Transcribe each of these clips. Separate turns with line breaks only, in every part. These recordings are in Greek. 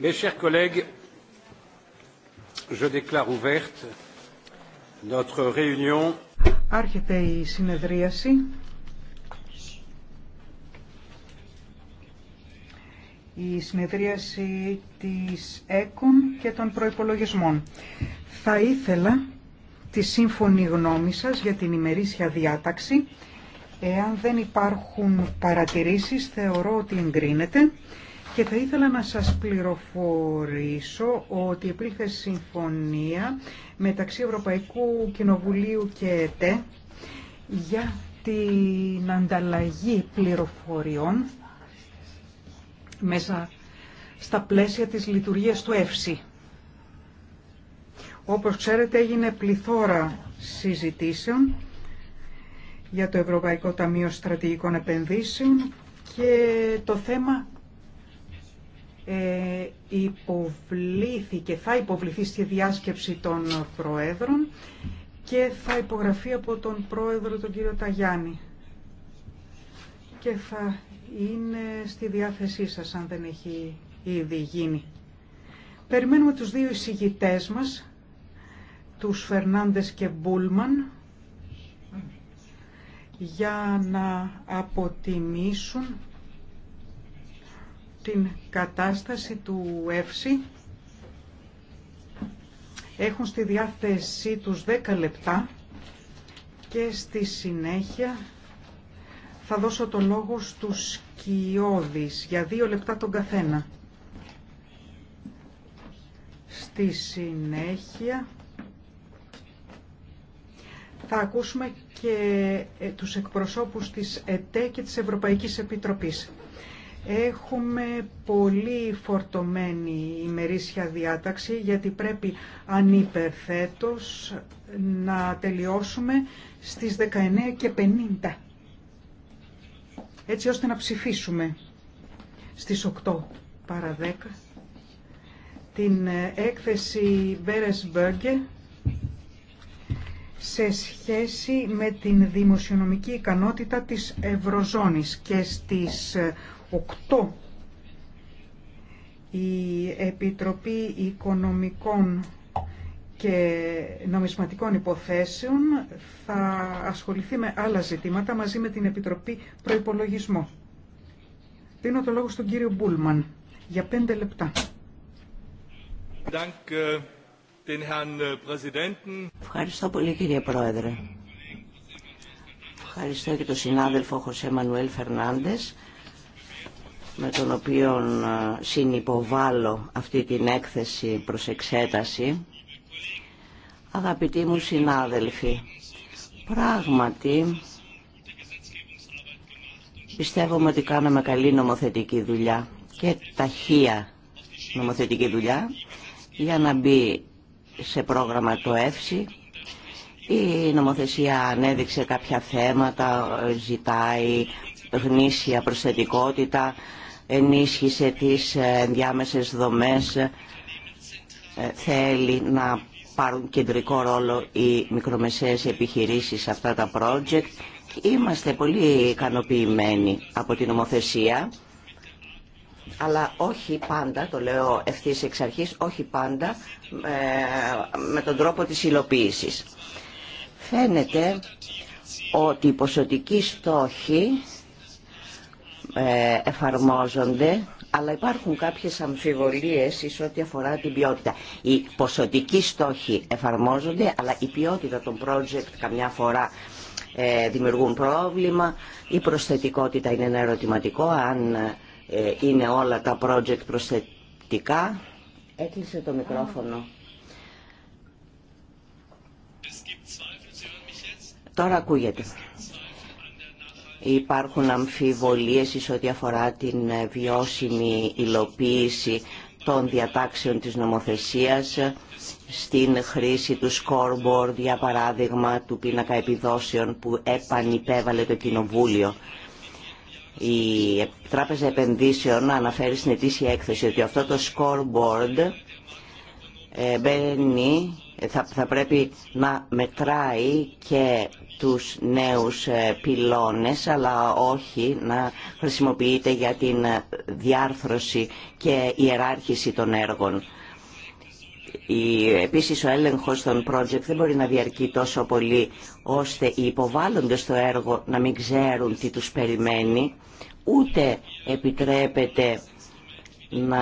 Mes chers collègues, je
Άρχεται η συνεδρίαση. Η συνεδρίαση της ΕΚΟΝ και των προϋπολογισμών. Θα ήθελα τη σύμφωνη γνώμη σας για την ημερήσια διάταξη. Εάν δεν υπάρχουν παρατηρήσεις, θεωρώ ότι εγκρίνεται. Και θα ήθελα να σας πληροφορήσω ότι υπήρχε συμφωνία μεταξύ Ευρωπαϊκού Κοινοβουλίου και ΕΤΕ για την ανταλλαγή πληροφοριών μέσα στα πλαίσια της λειτουργίας του ΕΦΣΥ. Όπως ξέρετε έγινε πληθώρα συζητήσεων για το Ευρωπαϊκό Ταμείο Στρατηγικών Επενδύσεων και το θέμα ε, και θα υποβληθεί στη διάσκεψη των Προέδρων και θα υπογραφεί από τον Πρόεδρο τον κύριο Ταγιάννη. Και θα είναι στη διάθεσή σας αν δεν έχει ήδη γίνει. Περιμένουμε τους δύο εισηγητές μας, τους Φερνάντες και Μπούλμαν, για να αποτιμήσουν την κατάσταση του ΕΦΣΥ. Έχουν στη διάθεσή τους 10 λεπτά και στη συνέχεια θα δώσω το λόγο στους κοιόδης για 2 λεπτά τον καθένα. Στη συνέχεια θα ακούσουμε και ε, τους εκπροσώπους της ΕΤΕ και της Ευρωπαϊκής Επιτροπής. Έχουμε πολύ φορτωμένη ημερήσια διάταξη γιατί πρέπει ανυπερθέτως να τελειώσουμε στις 19.50 έτσι ώστε να ψηφίσουμε στις 8 παρα την έκθεση Μπέρες σε σχέση με την δημοσιονομική ικανότητα της Ευρωζώνης και στις 8 η Επιτροπή Οικονομικών και Νομισματικών Υποθέσεων θα ασχοληθεί με άλλα ζητήματα μαζί με την Επιτροπή Προϋπολογισμό. Δίνω το λόγο στον κύριο Μπούλμαν για πέντε λεπτά.
Ε, ε,
Ευχαριστώ πολύ κύριε
Πρόεδρε. Ευχαριστώ και τον συνάδελφο Χωσέ Μανουέλ Φερνάντες με τον οποίο ε, συνυποβάλλω αυτή την έκθεση προς εξέταση. Αγαπητοί μου συνάδελφοι, πράγματι πιστεύουμε ότι κάναμε καλή νομοθετική δουλειά και ταχεία νομοθετική δουλειά για να μπει σε πρόγραμμα το ΕΦΣΥ. Η νομοθεσία ανέδειξε κάποια θέματα, ζητάει γνήσια προσθετικότητα, ενίσχυσε τις ε, διάμεσες δομές, ε, θέλει να πάρουν κεντρικό ρόλο οι μικρομεσαίες επιχειρήσεις σε αυτά τα project. Είμαστε πολύ ικανοποιημένοι από την νομοθεσία, αλλά όχι πάντα, το λέω ευθύς εξ αρχής, όχι πάντα ε, με τον τρόπο της υλοποίησης. Φαίνεται ότι η ποσοτική στόχη ε, εφαρμόζονται αλλά υπάρχουν κάποιες αμφιβολίες εις ό,τι αφορά την ποιότητα. Οι ποσοτικοί στόχοι εφαρμόζονται, αλλά η ποιότητα των project καμιά φορά ε, δημιουργούν πρόβλημα. Η προσθετικότητα είναι ένα ερωτηματικό, αν ε, είναι όλα τα project προσθετικά. Έκλεισε το μικρόφωνο. Τώρα ακούγεται. Υπάρχουν αμφιβολίες εις ό,τι αφορά την βιώσιμη υλοποίηση των διατάξεων της νομοθεσίας στην χρήση του scoreboard, για παράδειγμα, του πίνακα επιδόσεων που επανυπέβαλε το Κοινοβούλιο. Η Τράπεζα Επενδύσεων αναφέρει στην ετήσια έκθεση ότι αυτό το scoreboard ε, μπαίνει, θα πρέπει να μετράει και τους νέους ε, πυλώνες αλλά όχι να χρησιμοποιείται για την ε, διάρθρωση και ιεράρχηση των έργων. Επίσης ο έλεγχος των project δεν μπορεί να διαρκεί τόσο πολύ ώστε οι υποβάλλοντες στο έργο να μην ξέρουν τι τους περιμένει ούτε επιτρέπεται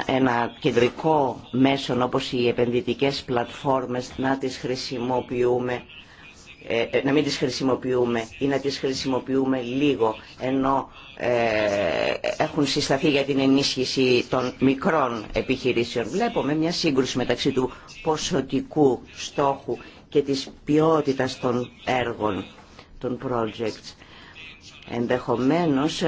ένα κεντρικό μέσο όπως οι επενδυτικές πλατφόρμες να τις χρησιμοποιούμε ε, ε, να μην τις χρησιμοποιούμε ή να τις χρησιμοποιούμε λίγο ενώ ε, έχουν συσταθεί για την ενίσχυση των μικρών επιχειρήσεων. Βλέπουμε μια σύγκρουση μεταξύ του ποσοτικού στόχου και της ποιότητας των έργων, των projects. Ενδεχομένως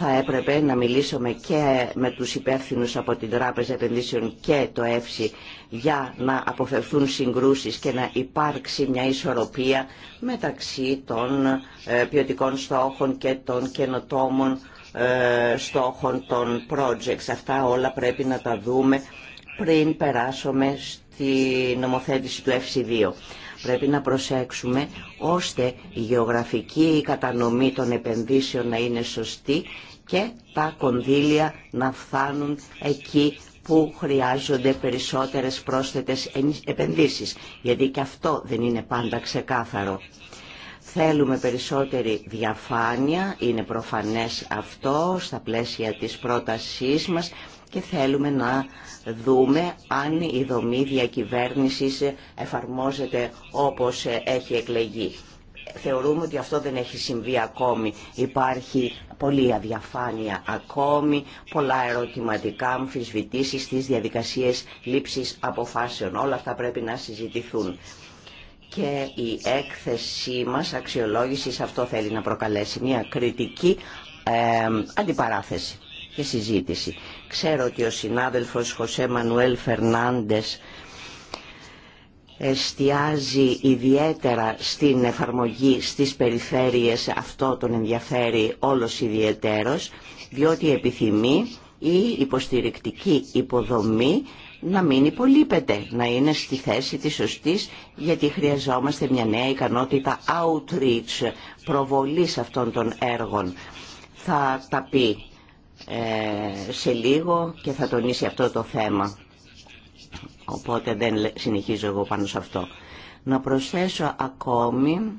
θα έπρεπε να μιλήσουμε και με τους υπεύθυνους από την Τράπεζα Επενδύσεων και το ΕΦΣΙ για να αποφευθούν συγκρούσεις και να υπάρξει μια ισορροπία μεταξύ των ε, ποιοτικών στόχων και των καινοτόμων ε, στόχων των projects. Αυτά όλα πρέπει να τα δούμε πριν περάσουμε στη νομοθέτηση του ΕΦΣΙ 2. Πρέπει να προσέξουμε ώστε η γεωγραφική κατανομή των επενδύσεων να είναι σωστή και τα κονδύλια να φτάνουν εκεί που χρειάζονται περισσότερες πρόσθετες επενδύσεις, γιατί και αυτό δεν είναι πάντα ξεκάθαρο. Θέλουμε περισσότερη διαφάνεια, είναι προφανές αυτό στα πλαίσια της πρότασής μας και θέλουμε να δούμε αν η δομή διακυβέρνησης εφαρμόζεται όπως έχει εκλεγεί. Θεωρούμε ότι αυτό δεν έχει συμβεί ακόμη. Υπάρχει πολλή αδιαφάνεια ακόμη, πολλά ερωτηματικά αμφισβητήσεις στις διαδικασίες λήψης αποφάσεων. Όλα αυτά πρέπει να συζητηθούν. Και η έκθεσή μας αξιολόγησης αυτό θέλει να προκαλέσει μια κριτική ε, αντιπαράθεση και συζήτηση. Ξέρω ότι ο συνάδελφος Χωσέ Μανουέλ Φερνάντες εστιάζει ιδιαίτερα στην εφαρμογή στις περιφέρειες αυτό τον ενδιαφέρει όλος ιδιαιτέρως διότι επιθυμεί η υποστηρικτική υποδομή να μην υπολείπεται, να είναι στη θέση της σωστής γιατί χρειαζόμαστε μια νέα ικανότητα outreach προβολής αυτών των έργων. Θα τα πει ε, σε λίγο και θα τονίσει αυτό το θέμα. Οπότε δεν συνεχίζω εγώ πάνω σε αυτό. Να προσθέσω ακόμη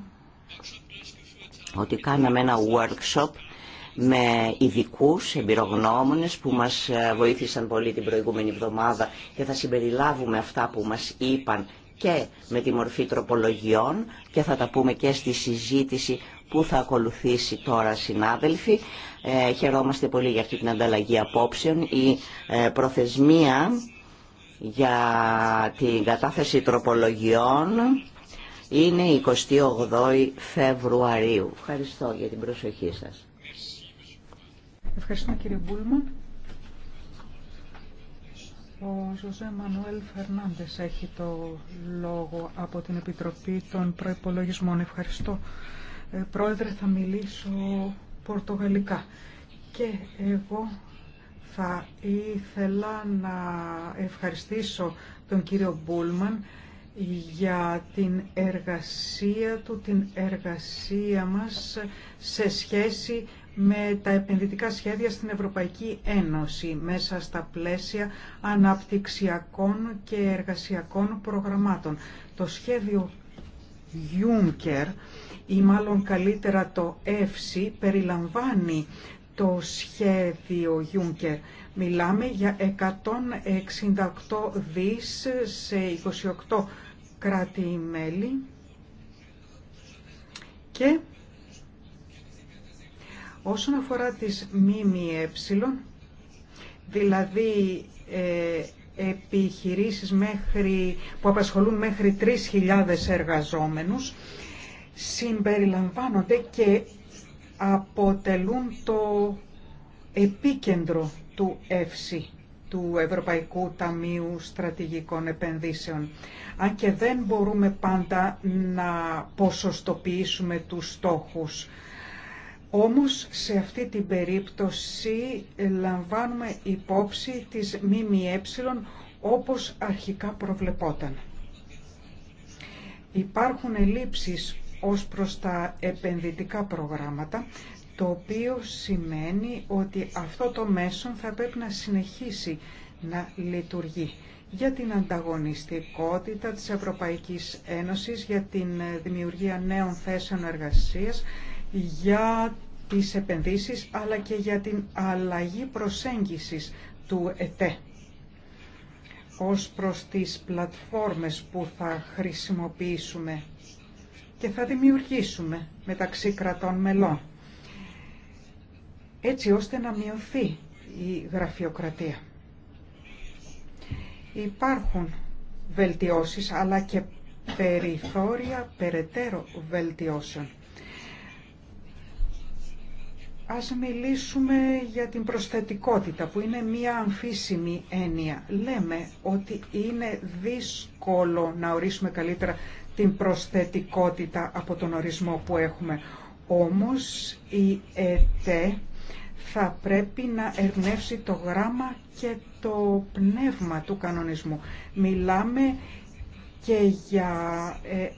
ότι κάναμε ένα workshop με ειδικού εμπειρογνώμονες που μας ε, βοήθησαν πολύ την προηγούμενη εβδομάδα και θα συμπεριλάβουμε αυτά που μας είπαν και με τη μορφή τροπολογιών και θα τα πούμε και στη συζήτηση που θα ακολουθήσει τώρα συνάδελφοι. Ε, χαιρόμαστε πολύ για αυτή την ανταλλαγή απόψεων. Η ε, προθεσμία για την κατάθεση τροπολογιών είναι 28 Φεβρουαρίου. Ευχαριστώ για την προσοχή σας.
Ευχαριστούμε κύριε Μπούλμα. Ο Ζωζέ Μανουέλ Φερνάντες έχει το λόγο από την Επιτροπή των Προϋπολογισμών. Ευχαριστώ. Ε, πρόεδρε, θα μιλήσω πορτογαλικά. Και εγώ θα ήθελα να ευχαριστήσω τον κύριο Μπούλμαν για την εργασία του, την εργασία μας σε σχέση με τα επενδυτικά σχέδια στην Ευρωπαϊκή Ένωση μέσα στα πλαίσια αναπτυξιακών και εργασιακών προγραμμάτων. Το σχέδιο Juncker ή μάλλον καλύτερα το ΕΦΣΙ περιλαμβάνει το σχέδιο Juncker. Μιλάμε για 168 δις σε 28 κράτη-μέλη και όσον αφορά τις ΜΜΕ, δηλαδή ε, επιχειρήσεις μέχρι, που απασχολούν μέχρι 3.000 εργαζόμενους, συμπεριλαμβάνονται και αποτελούν το επίκεντρο του ΕΦΣΥ, του Ευρωπαϊκού Ταμείου Στρατηγικών Επενδύσεων. Αν και δεν μπορούμε πάντα να ποσοστοποιήσουμε τους στόχους, όμως σε αυτή την περίπτωση λαμβάνουμε υπόψη της ΜΜΕ όπως αρχικά προβλεπόταν. Υπάρχουν ελλείψεις ως προς τα επενδυτικά προγράμματα, το οποίο σημαίνει ότι αυτό το μέσο θα πρέπει να συνεχίσει να λειτουργεί για την ανταγωνιστικότητα της Ευρωπαϊκής Ένωσης, για την δημιουργία νέων θέσεων εργασίας, για τις επενδύσεις, αλλά και για την αλλαγή προσέγγισης του ΕΤΕ ως προς τις πλατφόρμες που θα χρησιμοποιήσουμε και θα δημιουργήσουμε μεταξύ κρατών μελών, έτσι ώστε να μειωθεί η γραφειοκρατία. Υπάρχουν βελτιώσεις, αλλά και περιθώρια περαιτέρω βελτιώσεων. Ας μιλήσουμε για την προσθετικότητα που είναι μία αμφίσιμη έννοια. Λέμε ότι είναι δύσκολο να ορίσουμε καλύτερα την προσθετικότητα από τον ορισμό που έχουμε. Όμως η ΕΤΕ θα πρέπει να ερνεύσει το γράμμα και το πνεύμα του κανονισμού. Μιλάμε και για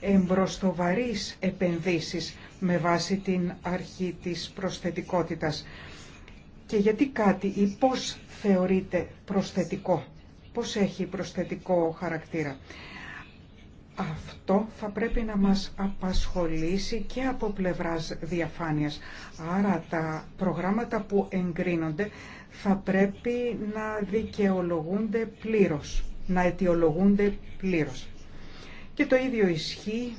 ε, εμπροστοβαρείς επενδύσεις με βάση την αρχή της προσθετικότητας. Και γιατί κάτι ή πώς θεωρείται προσθετικό, πώς έχει προσθετικό χαρακτήρα. Αυτό θα πρέπει να μας απασχολήσει και από πλευράς διαφάνειας. Άρα τα προγράμματα που εγκρίνονται θα πρέπει να δικαιολογούνται πλήρως, να αιτιολογούνται πλήρως. Και το ίδιο ισχύει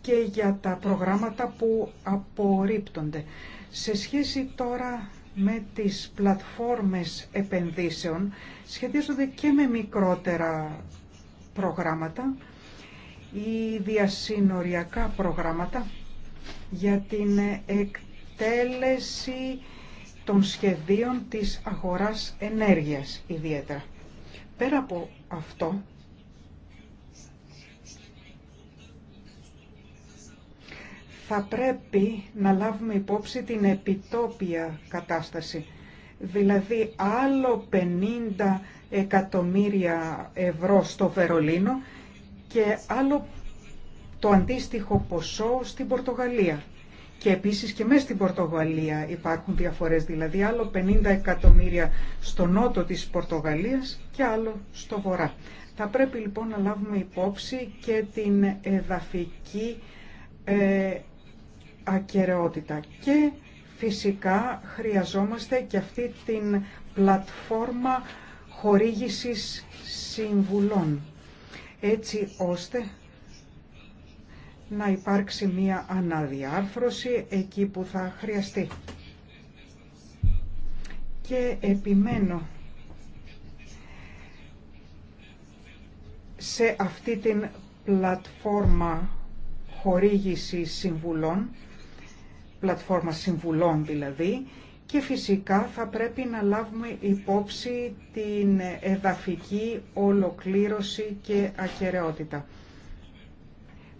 και για τα προγράμματα που απορρίπτονται. Σε σχέση τώρα με τις πλατφόρμες επενδύσεων σχετίζονται και με μικρότερα προγράμματα ή διασύνοριακά προγράμματα για την εκτέλεση των σχεδίων της αγοράς ενέργειας ιδιαίτερα. Πέρα από αυτό, θα πρέπει να λάβουμε υπόψη την επιτόπια κατάσταση. Δηλαδή άλλο 50 εκατομμύρια ευρώ στο Βερολίνο και άλλο το αντίστοιχο ποσό στην Πορτογαλία. Και επίσης και μέσα στην Πορτογαλία υπάρχουν διαφορές, δηλαδή άλλο 50 εκατομμύρια στο νότο της Πορτογαλίας και άλλο στο βορρά. Θα πρέπει λοιπόν να λάβουμε υπόψη και την εδαφική ε, ακαιρεότητα. Και φυσικά χρειαζόμαστε και αυτή την πλατφόρμα χορήγησης συμβουλών έτσι ώστε να υπάρξει μία αναδιάρθρωση εκεί που θα χρειαστεί. Και επιμένω σε αυτή την πλατφόρμα χορήγηση συμβουλών, πλατφόρμα συμβουλών δηλαδή, και φυσικά θα πρέπει να λάβουμε υπόψη την εδαφική ολοκλήρωση και ακεραιότητα.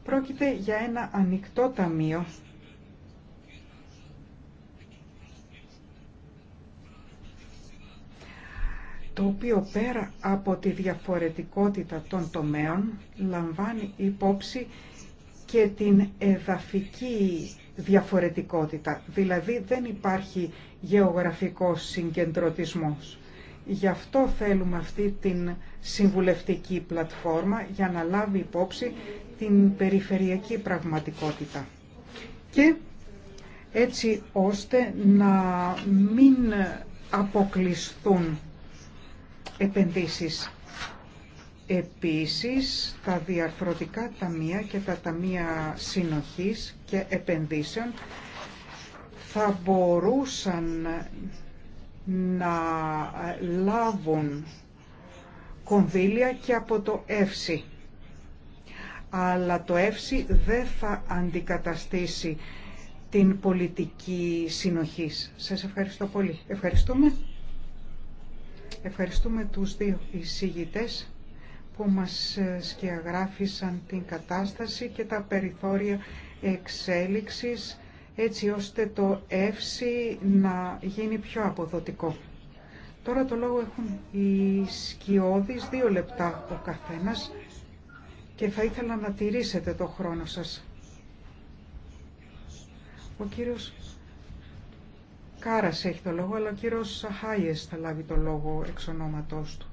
Πρόκειται για ένα ανοιχτό ταμείο το οποίο πέρα από τη διαφορετικότητα των τομέων λαμβάνει υπόψη και την εδαφική διαφορετικότητα. Δηλαδή δεν υπάρχει γεωγραφικός συγκεντρωτισμός. Γι' αυτό θέλουμε αυτή την συμβουλευτική πλατφόρμα για να λάβει υπόψη την περιφερειακή πραγματικότητα. Και έτσι ώστε να μην αποκλειστούν επενδύσεις Επίσης, τα διαρθρωτικά ταμεία και τα ταμεία συνοχής και επενδύσεων θα μπορούσαν να λάβουν κονδύλια και από το ΕΦΣΥ. Αλλά το ΕΦΣΥ δεν θα αντικαταστήσει την πολιτική συνοχής. Σας ευχαριστώ πολύ. Ευχαριστούμε. Ευχαριστούμε τους δύο εισηγητές που μας ε, σκιαγράφησαν την κατάσταση και τα περιθώρια εξέλιξης έτσι ώστε το εύση να γίνει πιο αποδοτικό. Τώρα το λόγο έχουν οι σκιώδεις, δύο λεπτά ο καθένας και θα ήθελα να τηρήσετε το χρόνο σας. Ο κύριος Κάρας έχει το λόγο, αλλά ο κύριος Σαχάιες θα λάβει το λόγο εξ του.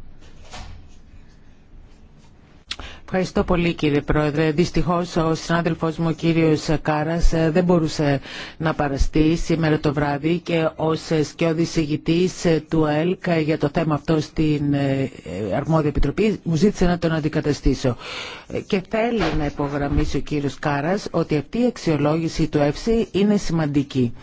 Ευχαριστώ πολύ κύριε Πρόεδρε. Δυστυχώς ο συνάδελφο μου ο κύριος Κάρας ε, δεν μπορούσε να παραστεί σήμερα το βράδυ και ως σκιώδη ηγητή ε, του ΕΛΚ ε, για το θέμα αυτό στην Αρμόδια Επιτροπή μου ζήτησε να τον αντικαταστήσω. Και θέλει να υπογραμμίσει ο κύριος Κάρας ότι αυτή η αξιολόγηση του ΕΦΣΥ είναι σημαντική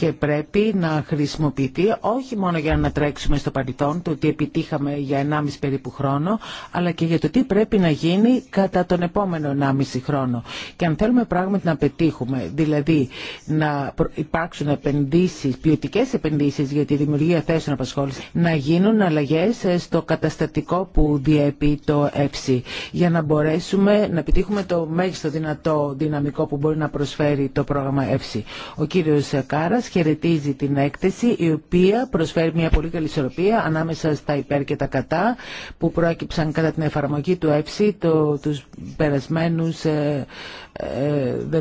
και πρέπει να χρησιμοποιηθεί όχι μόνο για να τρέξουμε στο παρελθόν το ότι επιτύχαμε για 1,5 περίπου χρόνο, αλλά και για το τι πρέπει να γίνει κατά τον επόμενο 1,5 χρόνο. Και αν θέλουμε πράγματι να πετύχουμε, δηλαδή να υπάρξουν επενδύσεις, ποιοτικέ επενδύσεις για τη δημιουργία θέσεων απασχόλησης, να γίνουν αλλαγές ε, στο καταστατικό που διέπει το ΕΦΣΥ, για να μπορέσουμε να επιτύχουμε το μέγιστο δυνατό δυναμικό που μπορεί να προσφέρει το πρόγραμμα ΕΦΣΥ. Ο κύριος Κάρας χαιρετίζει την έκθεση η οποία προσφέρει μια πολύ καλή ισορροπία ανάμεσα στα υπέρ και τα κατά που προέκυψαν κατά την εφαρμογή του ΕΦΣΥ το, τους περασμένους ε,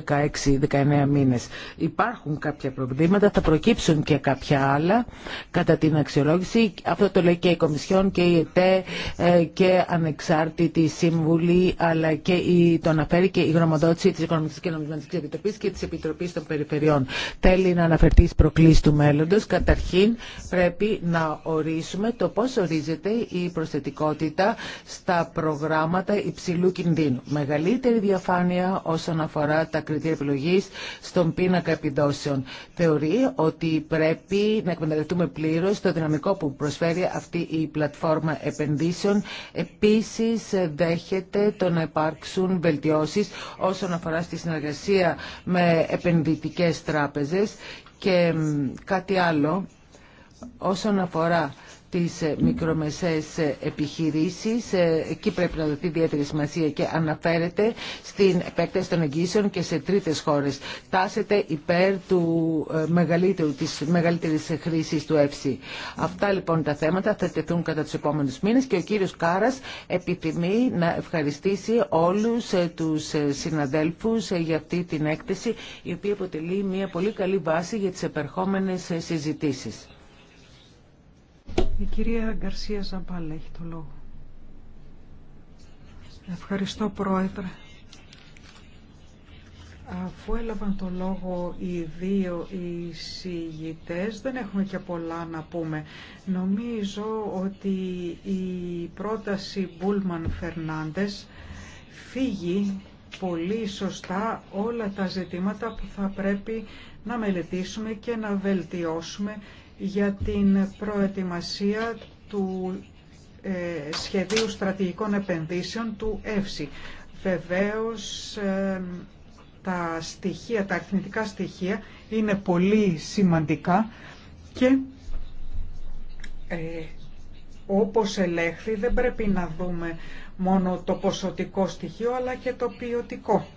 16-19 μήνες. Υπάρχουν κάποια προβλήματα, θα προκύψουν και κάποια άλλα κατά την αξιολόγηση. Αυτό το λέει και η Κομισιόν και η ΕΤΕ ε, και ανεξάρτητη σύμβουλη, αλλά και η, το αναφέρει και η γνωμοδότηση της Οικονομικής και Νομισματικής Επιτροπής και της Επιτροπής των Περιφερειών. Θέλει να αναφερθεί στις προκλήσεις του μέλλοντος. Καταρχήν πρέπει να ορίσουμε το πώς ορίζεται η προσθετικότητα στα προγράμματα υψηλού κινδύνου. Μεγαλύτερη διαφάνεια όσον αφορά τα κριτήρια επιλογής στον πίνακα επιδόσεων. Θεωρεί ότι πρέπει να εκμεταλλευτούμε πλήρως το δυναμικό που προσφέρει αυτή η πλατφόρμα επενδύσεων. Επίσης δέχεται το να υπάρξουν βελτιώσεις όσον αφορά στη συνεργασία με επενδυτικές τράπεζες και κάτι άλλο όσον αφορά τις ε, μικρομεσαίες ε, επιχειρήσεις. Ε, εκεί πρέπει να δοθεί ιδιαίτερη σημασία και αναφέρεται στην επέκταση των εγγύσεων και σε τρίτες χώρες. τάσετε υπέρ του μεγαλύτερου, της μεγαλύτερης χρήσης του ΕΦΣΥ. Αυτά λοιπόν τα θέματα θα τεθούν κατά τους επόμενους μήνες και ο κύριος Κάρας επιθυμεί να ευχαριστήσει όλους τους συναδέλφους για αυτή την έκθεση η οποία αποτελεί μια πολύ καλή βάση για τις επερχόμενες συζητήσεις.
Η κυρία Γκαρσία Ζαμπάλα έχει το λόγο. Ευχαριστώ πρόεδρε. Αφού έλαβαν το λόγο οι δύο εισηγητές, δεν έχουμε και πολλά να πούμε. Νομίζω ότι η πρόταση Μπούλμαν Φερνάντες φύγει πολύ σωστά όλα τα ζητήματα που θα πρέπει να μελετήσουμε και να βελτιώσουμε για την προετοιμασία του ε, Σχεδίου Στρατηγικών Επενδύσεων του ΕΦΣΙ. Βεβαίως, ε, τα στοιχεία, τα αριθμητικά στοιχεία είναι πολύ σημαντικά και ε, όπως ελέγχθη δεν πρέπει να δούμε μόνο το ποσοτικό στοιχείο αλλά και το ποιοτικό.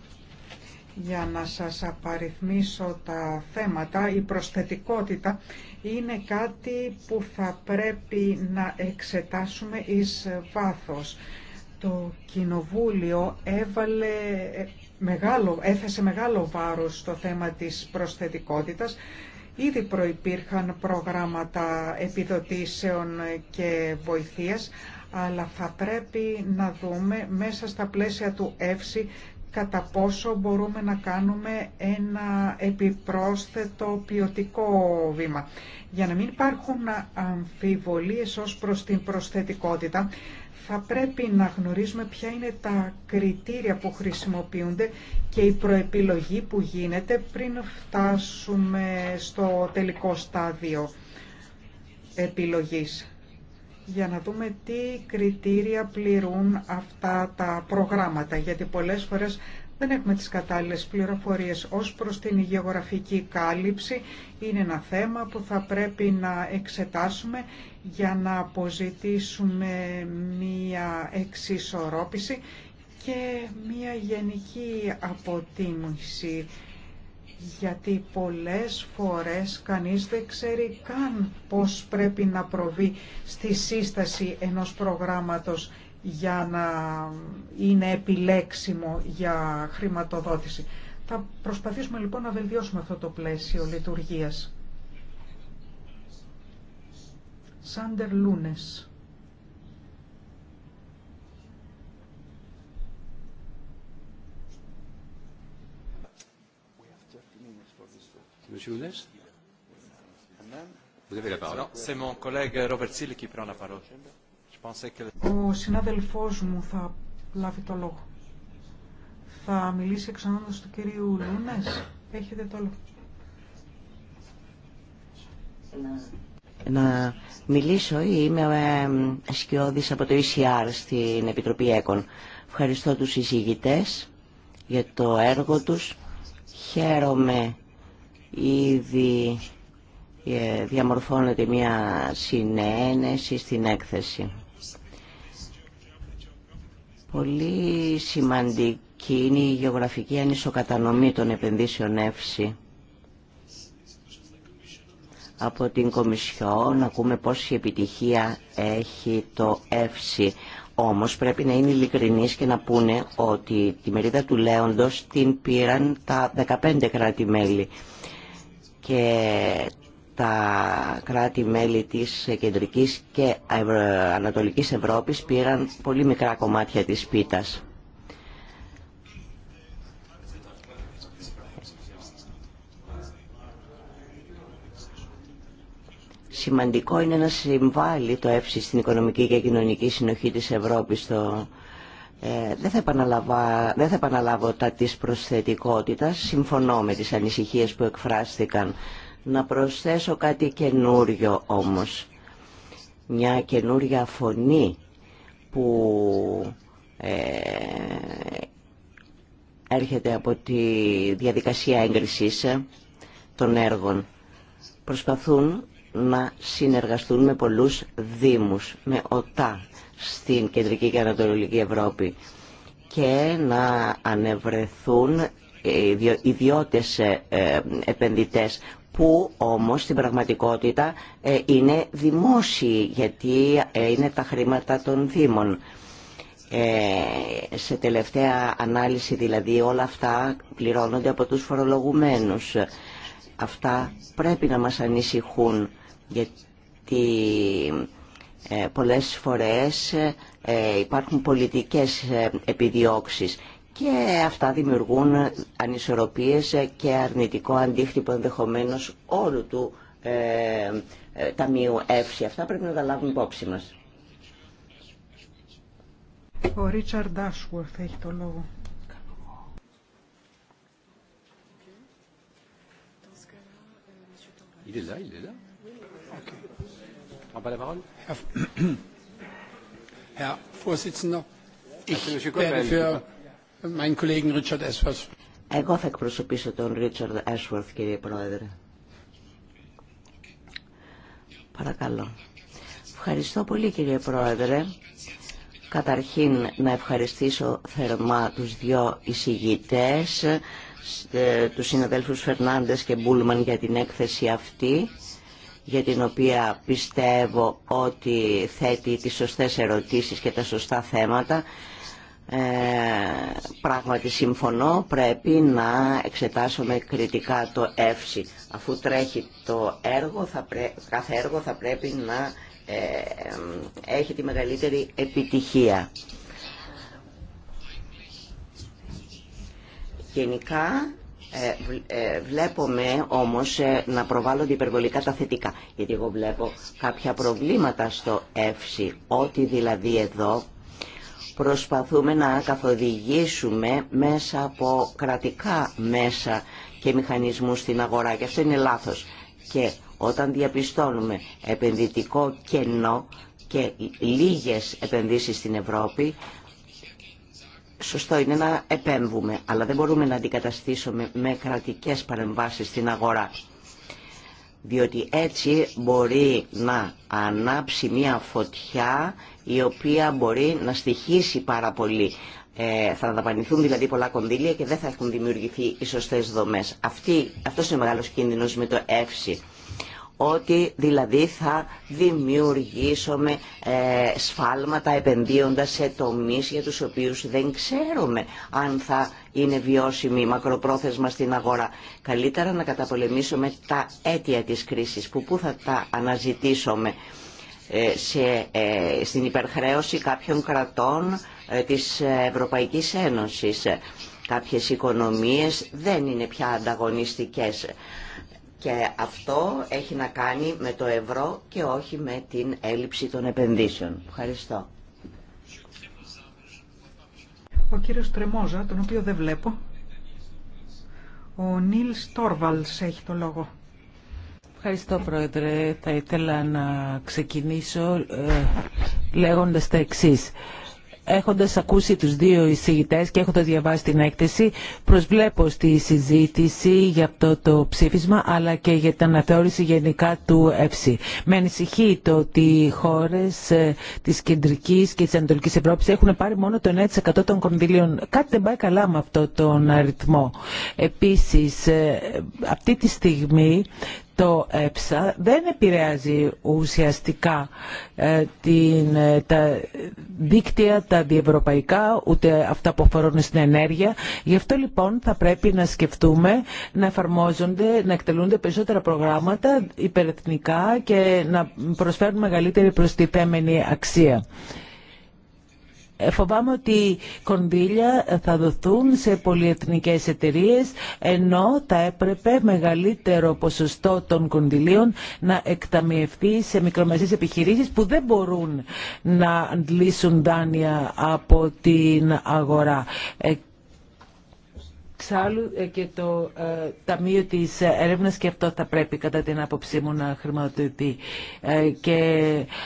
Για να σας απαριθμίσω τα θέματα, η προσθετικότητα είναι κάτι που θα πρέπει να εξετάσουμε εις βάθος. Το Κοινοβούλιο έβαλε μεγάλο, έθεσε μεγάλο βάρος στο θέμα της προσθετικότητας. Ήδη προϋπήρχαν προγράμματα επιδοτήσεων και βοηθείας, αλλά θα πρέπει να δούμε μέσα στα πλαίσια του ΕΦΣΥ κατά πόσο μπορούμε να κάνουμε ένα επιπρόσθετο ποιοτικό βήμα. Για να μην υπάρχουν αμφιβολίες ως προς την προσθετικότητα, θα πρέπει να γνωρίζουμε ποια είναι τα κριτήρια που χρησιμοποιούνται και η προεπιλογή που γίνεται πριν φτάσουμε στο τελικό στάδιο επιλογής για να δούμε τι κριτήρια πληρούν αυτά τα προγράμματα, γιατί πολλές φορές δεν έχουμε τις κατάλληλες πληροφορίες ως προς την γεωγραφική κάλυψη. Είναι ένα θέμα που θα πρέπει να εξετάσουμε για να αποζητήσουμε μία εξισορρόπηση και μία γενική αποτίμηση γιατί πολλές φορές κανείς δεν ξέρει καν πώς πρέπει να προβεί στη σύσταση ενός προγράμματος για να είναι επιλέξιμο για χρηματοδότηση. Θα προσπαθήσουμε λοιπόν να βελτιώσουμε αυτό το πλαίσιο λειτουργίας. Σάντερ Λούνες. Ο συνάδελφός μου θα λάβει το λόγο. Θα μιλήσει εξ του κυρίου Λούνες. Έχετε το λόγο.
Να μιλήσω είμαι ε, σκιώδης από το ECR στην Επιτροπή ΕΚΟΝ. Ευχαριστώ τους εισηγητές για το έργο τους. Χαίρομαι Ήδη ε, διαμορφώνεται μια συνένεση στην έκθεση. Πολύ σημαντική είναι η γεωγραφική ανισοκατανομή των επενδύσεων εύση. Από την να ακούμε πόση επιτυχία έχει το εύση. Όμως πρέπει να είναι ειλικρινείς και να πούνε ότι τη μερίδα του Λέοντος την πήραν τα 15 κράτη-μέλη και τα κράτη-μέλη της Κεντρικής και Ανατολικής Ευρώπης πήραν πολύ μικρά κομμάτια της πίτας. Σημαντικό είναι να συμβάλλει το ΕΦΣΙ στην οικονομική και κοινωνική συνοχή της Ευρώπης στο ε, δεν, θα επαναλάβω τα της προσθετικότητας, συμφωνώ με τις ανησυχίες που εκφράστηκαν. Να προσθέσω κάτι καινούριο όμως, μια καινούρια φωνή που ε, έρχεται από τη διαδικασία έγκρισης των έργων. Προσπαθούν να συνεργαστούν με πολλούς δήμους, με ΟΤΑ στην Κεντρική και Ανατολική Ευρώπη και να ανεβρεθούν ιδιώτες ε, επενδυτές που όμως στην πραγματικότητα ε, είναι δημόσιοι γιατί ε, είναι τα χρήματα των δήμων. σε τελευταία ανάλυση δηλαδή όλα αυτά πληρώνονται από τους φορολογουμένους. Αυτά πρέπει να μας ανησυχούν γιατί ε, πολλές φορές ε, υπάρχουν πολιτικές ε, επιδιώξεις και αυτά δημιουργούν ανισορροπίες και αρνητικό αντίχτυπο ενδεχομένω όλου του Ταμείου Εύση. Αυτά πρέπει να τα λάβουμε υπόψη μας.
Ο Ρίτσαρντ έχει το λόγο.
Εγώ θα εκπροσωπήσω τον Ρίτσαρντ Έσουαρθ, κύριε Πρόεδρε. Παρακαλώ. Ευχαριστώ πολύ, κύριε Πρόεδρε. Καταρχήν, να ευχαριστήσω θερμά τους δυο εισηγητές, ε, τους συναδέλφους Φερνάντες και Μπούλμαν για την έκθεση αυτή για την οποία πιστεύω ότι θέτει τις σωστές ερωτήσεις και τα σωστά θέματα. Ε, πράγματι συμφωνώ, πρέπει να εξετάσουμε κριτικά το εύση Αφού τρέχει το έργο, θα κάθε έργο θα πρέπει να ε, ε, έχει τη μεγαλύτερη επιτυχία. Γενικά ε, ε, βλέπουμε όμως ε, να προβάλλονται υπερβολικά τα θετικά. Γιατί εγώ βλέπω κάποια προβλήματα στο ΕΦΣΙ, ότι δηλαδή εδώ προσπαθούμε να καθοδηγήσουμε μέσα από κρατικά μέσα και μηχανισμούς στην αγορά και αυτό είναι λάθος. Και όταν διαπιστώνουμε επενδυτικό κενό και λίγες επενδύσεις στην Ευρώπη, Σωστό είναι να επέμβουμε, αλλά δεν μπορούμε να αντικαταστήσουμε με κρατικές παρεμβάσεις στην αγορά. Διότι έτσι μπορεί να ανάψει μια φωτιά η οποία μπορεί να στοιχήσει πάρα πολύ. Ε, θα δαπανηθούν δηλαδή πολλά κονδύλια και δεν θα έχουν δημιουργηθεί οι σωστές δομές. Αυτή, αυτός είναι ο μεγάλος κίνδυνος με το εύση ότι δηλαδή θα δημιουργήσουμε ε, σφάλματα επενδύοντας σε τομείς για τους οποίους δεν ξέρουμε αν θα είναι βιώσιμη μακροπρόθεσμα στην αγορά. Καλύτερα να καταπολεμήσουμε τα αίτια της κρίσης που πού θα τα αναζητήσουμε ε, ε, στην υπερχρέωση κάποιων κρατών της Ευρωπαϊκής Ένωσης. Κάποιες οικονομίες δεν είναι πια ανταγωνιστικές και αυτό έχει να κάνει με το ευρώ και όχι με την έλλειψη των επενδύσεων. Ευχαριστώ.
Ο κύριος Τρεμόζα, τον οποίο δεν βλέπω, ο Νίλ Τόρβαλς έχει το λόγο.
Ευχαριστώ Πρόεδρε. Θα ήθελα να ξεκινήσω ε, λέγοντας τα εξής. Έχοντας ακούσει τους δύο εισηγητές και έχοντας διαβάσει την έκθεση, προσβλέπω στη συζήτηση για αυτό το ψήφισμα, αλλά και για την αναθεώρηση γενικά του ΕΦΣΥ. Με ανησυχεί το ότι οι χώρες ε, της κεντρικής και της ανατολικής Ευρώπης έχουν πάρει μόνο το 9% των κονδυλίων. Κάτι δεν πάει καλά με αυτό τον αριθμό. Επίσης, ε, αυτή τη στιγμή το ΕΠΣΑ δεν επηρεάζει ουσιαστικά ε, την, ε, τα δίκτυα, τα διευρωπαϊκά, ούτε αυτά που αφορούν στην ενέργεια. Γι' αυτό λοιπόν θα πρέπει να σκεφτούμε να εφαρμόζονται, να εκτελούνται περισσότερα προγράμματα υπερεθνικά και να προσφέρουν μεγαλύτερη προστιθέμενη αξία. Ε, φοβάμαι ότι κονδύλια θα δοθούν σε πολυεθνικές εταιρείες ενώ θα έπρεπε μεγαλύτερο ποσοστό των κονδυλίων να εκταμιευτεί σε μικρομεσαίες επιχειρήσεις που δεν μπορούν να λύσουν δάνεια από την αγορά. Ε, Εξάλλου ε, και το ε, Ταμείο της Έρευνας και αυτό θα πρέπει κατά την άποψή μου να χρηματοδοτεί. Ε, και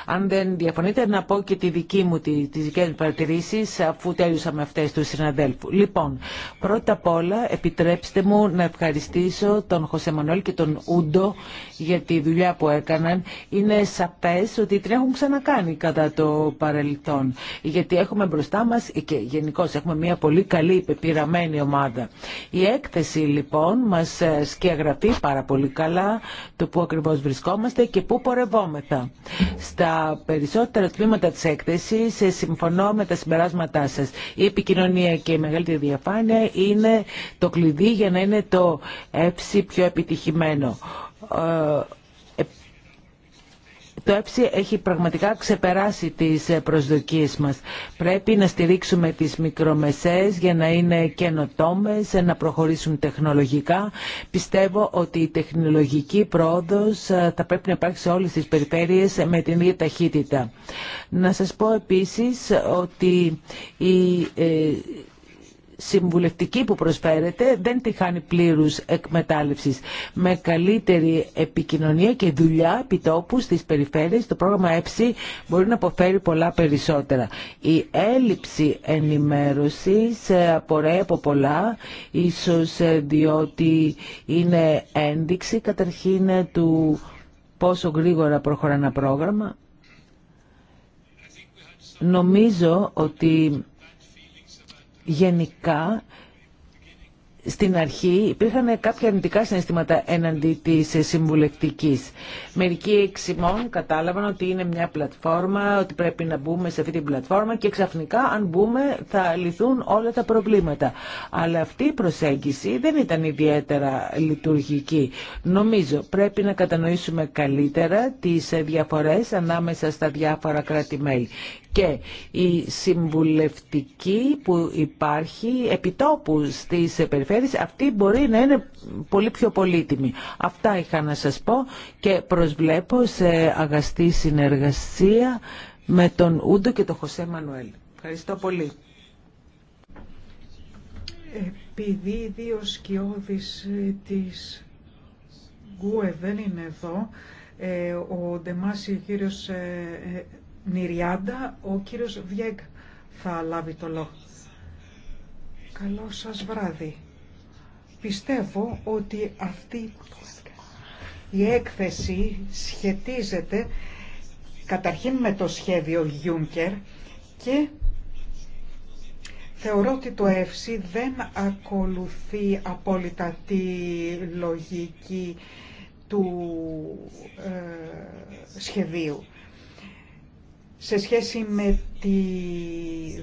αν δεν διαφωνείτε να πω και τη δική μου, τη, τις δικές μου αφού τέλειωσα με αυτές του συναδέλφου. Λοιπόν, πρώτα απ' όλα επιτρέψτε μου να ευχαριστήσω τον Χωσέ Μανώλη και τον Ούντο για τη δουλειά που έκαναν. Είναι σαπές ότι την έχουν ξανακάνει κατά το παρελθόν. Γιατί έχουμε μπροστά μας ε, και γενικώ έχουμε μια πολύ καλή υπεπειραμένη ομάδα. Η έκθεση λοιπόν μας ε, σκιαγραφεί πάρα πολύ καλά το που ακριβώς βρισκόμαστε και που πορευόμεθα. Στα περισσότερα τμήματα της έκθεσης ε, συμφωνώ με τα συμπεράσματά σας. Η επικοινωνία και η μεγαλύτερη διαφάνεια είναι το κλειδί για να είναι το έψη πιο επιτυχημένο ε, το ΕΨΙ έχει πραγματικά ξεπεράσει τις ε, προσδοκίες μας. Πρέπει να στηρίξουμε τις μικρομεσαίες για να είναι καινοτόμες, να προχωρήσουν τεχνολογικά. Πιστεύω ότι η τεχνολογική πρόοδος ε, θα πρέπει να υπάρχει σε όλες τις περιφέρειες με την ίδια ταχύτητα. Να σας πω επίσης ότι η ε, συμβουλευτική που προσφέρεται δεν τη χάνει πλήρους εκμετάλλευσης. Με καλύτερη επικοινωνία και δουλειά επιτόπου στις περιφέρειες το πρόγραμμα ΕΨΗ μπορεί να αποφέρει πολλά περισσότερα. Η έλλειψη ενημέρωσης ε, απορρέει από πολλά, ίσως ε, διότι είναι ένδειξη καταρχήν ε, του πόσο γρήγορα προχωρά ένα πρόγραμμα. Νομίζω ότι γενικά στην αρχή υπήρχαν κάποια αρνητικά συναισθήματα έναντι της συμβουλευτικής. Μερικοί εξημών κατάλαβαν ότι είναι μια πλατφόρμα, ότι πρέπει να μπούμε σε αυτή την πλατφόρμα και ξαφνικά αν μπούμε θα λυθούν όλα τα προβλήματα. Αλλά αυτή η προσέγγιση δεν ήταν ιδιαίτερα λειτουργική. Νομίζω πρέπει να κατανοήσουμε καλύτερα τις διαφορές ανάμεσα στα διάφορα κράτη-μέλη και η συμβουλευτική που υπάρχει επιτόπου στις περιφέρειες αυτή μπορεί να είναι πολύ πιο πολύτιμη. Αυτά είχα να σας πω και προσβλέπω σε αγαστή συνεργασία με τον Ούντο και τον Χωσέ Μανουέλ.
Ευχαριστώ πολύ. Επειδή οι δύο σκιώδεις της Γκουε δεν είναι εδώ, ε, ο Ντεμάση, κύριος ε, ε, Νιριάντα, ο κύριος Βιέγκ θα λάβει το λόγο. Καλό σας βράδυ. Πιστεύω ότι αυτή η έκθεση σχετίζεται καταρχήν με το σχέδιο Γιούνκερ και θεωρώ ότι το ΕΦΣΥ δεν ακολουθεί απόλυτα τη λογική του ε, σχεδίου σε σχέση με, τη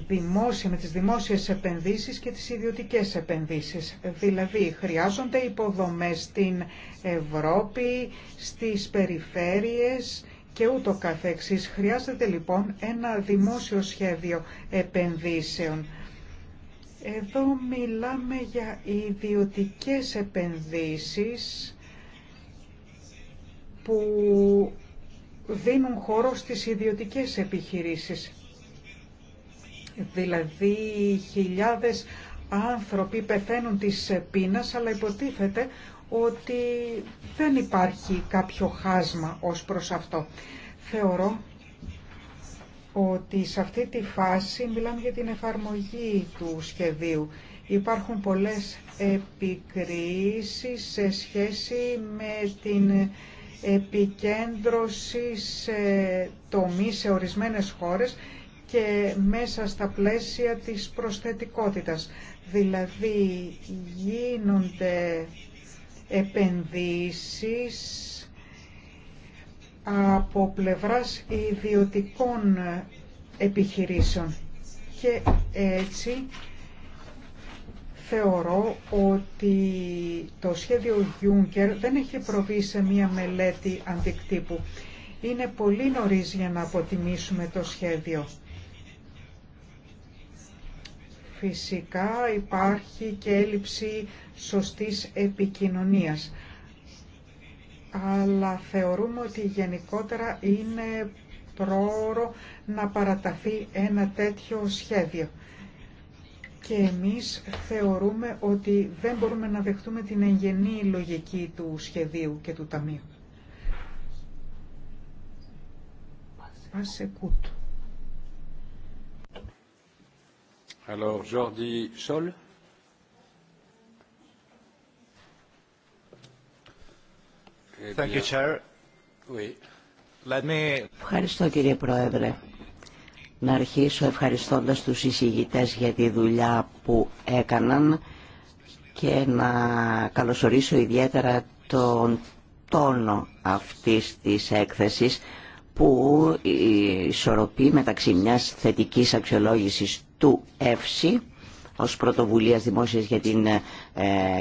δημόσια, με τις δημόσιες επενδύσεις και τις ιδιωτικές επενδύσεις. Δηλαδή, χρειάζονται υποδομές στην Ευρώπη, στις περιφέρειες και ούτω καθεξής. Χρειάζεται λοιπόν ένα δημόσιο σχέδιο επενδύσεων. Εδώ μιλάμε για ιδιωτικές επενδύσεις που δίνουν χώρο στις ιδιωτικές επιχειρήσεις. Δηλαδή χιλιάδες άνθρωποι πεθαίνουν της πείνας, αλλά υποτίθεται ότι δεν υπάρχει κάποιο χάσμα ως προς αυτό. Θεωρώ ότι σε αυτή τη φάση μιλάμε για την εφαρμογή του σχεδίου. Υπάρχουν πολλές επικρίσεις σε σχέση με την επικέντρωση σε τομεί σε ορισμένες χώρες και μέσα στα πλαίσια της προσθετικότητας. Δηλαδή γίνονται επενδύσεις από πλευράς ιδιωτικών επιχειρήσεων και έτσι Θεωρώ ότι το σχέδιο Juncker δεν έχει προβεί σε μία μελέτη αντικτύπου. Είναι πολύ νωρίς για να αποτιμήσουμε το σχέδιο. Φυσικά υπάρχει και έλλειψη σωστής επικοινωνίας. Αλλά θεωρούμε ότι γενικότερα είναι πρόωρο να παραταθεί ένα τέτοιο σχέδιο και εμείς θεωρούμε ότι δεν μπορούμε να δεχτούμε την εγγενή λογική του σχεδίου και του ταμείου. Alors,
Jordi Sol. Eh Thank you, Chair. Oui. Let me...
Ευχαριστώ κύριε Πρόεδρε. Να αρχίσω ευχαριστώντας τους εισηγητές για τη δουλειά που έκαναν και να καλωσορίσω ιδιαίτερα τον τόνο αυτής της έκθεσης που ισορροπεί μεταξύ μιας θετικής αξιολόγησης του ΕΦΣΥ ως πρωτοβουλίας δημόσιας για την ε,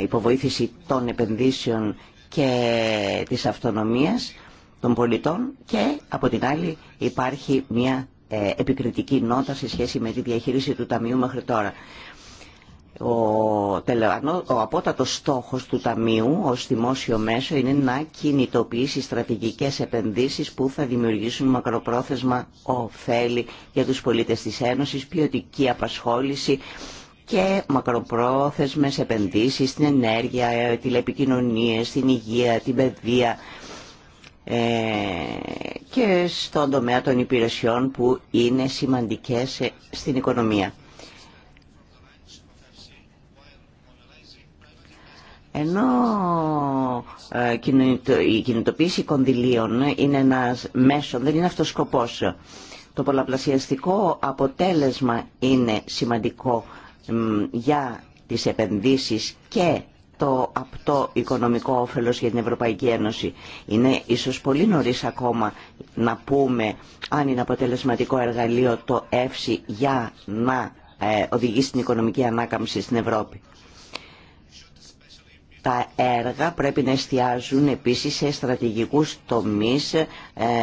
υποβοήθηση των επενδύσεων και της αυτονομίας των πολιτών και από την άλλη υπάρχει μια ε, επικριτική νότα σε σχέση με τη διαχείριση του Ταμείου μέχρι τώρα. Ο, απότατο ο απότατος στόχος του Ταμείου ως δημόσιο μέσο είναι να κινητοποιήσει στρατηγικές επενδύσεις που θα δημιουργήσουν μακροπρόθεσμα ωφέλη για τους πολίτες της Ένωσης, ποιοτική απασχόληση και μακροπρόθεσμες επενδύσεις στην ενέργεια, ε, τηλεπικοινωνίες, στην υγεία, την παιδεία, ε, και στον τομέα των υπηρεσιών που είναι σημαντικές ε, στην οικονομία. Ενώ ε, η κινητοποίηση κονδυλίων είναι ένα μέσο, δεν είναι αυτός σκοπός. Το πολλαπλασιαστικό αποτέλεσμα είναι σημαντικό για τις επενδύσεις και το απτό οικονομικό όφελος για την Ευρωπαϊκή Ένωση. Είναι ίσως πολύ νωρίς ακόμα να πούμε αν είναι αποτελεσματικό εργαλείο το ΕΦΣΙ για να ε, οδηγήσει την οικονομική ανάκαμψη στην Ευρώπη. Τα έργα πρέπει να εστιάζουν επίσης σε στρατηγικούς τομείς ε,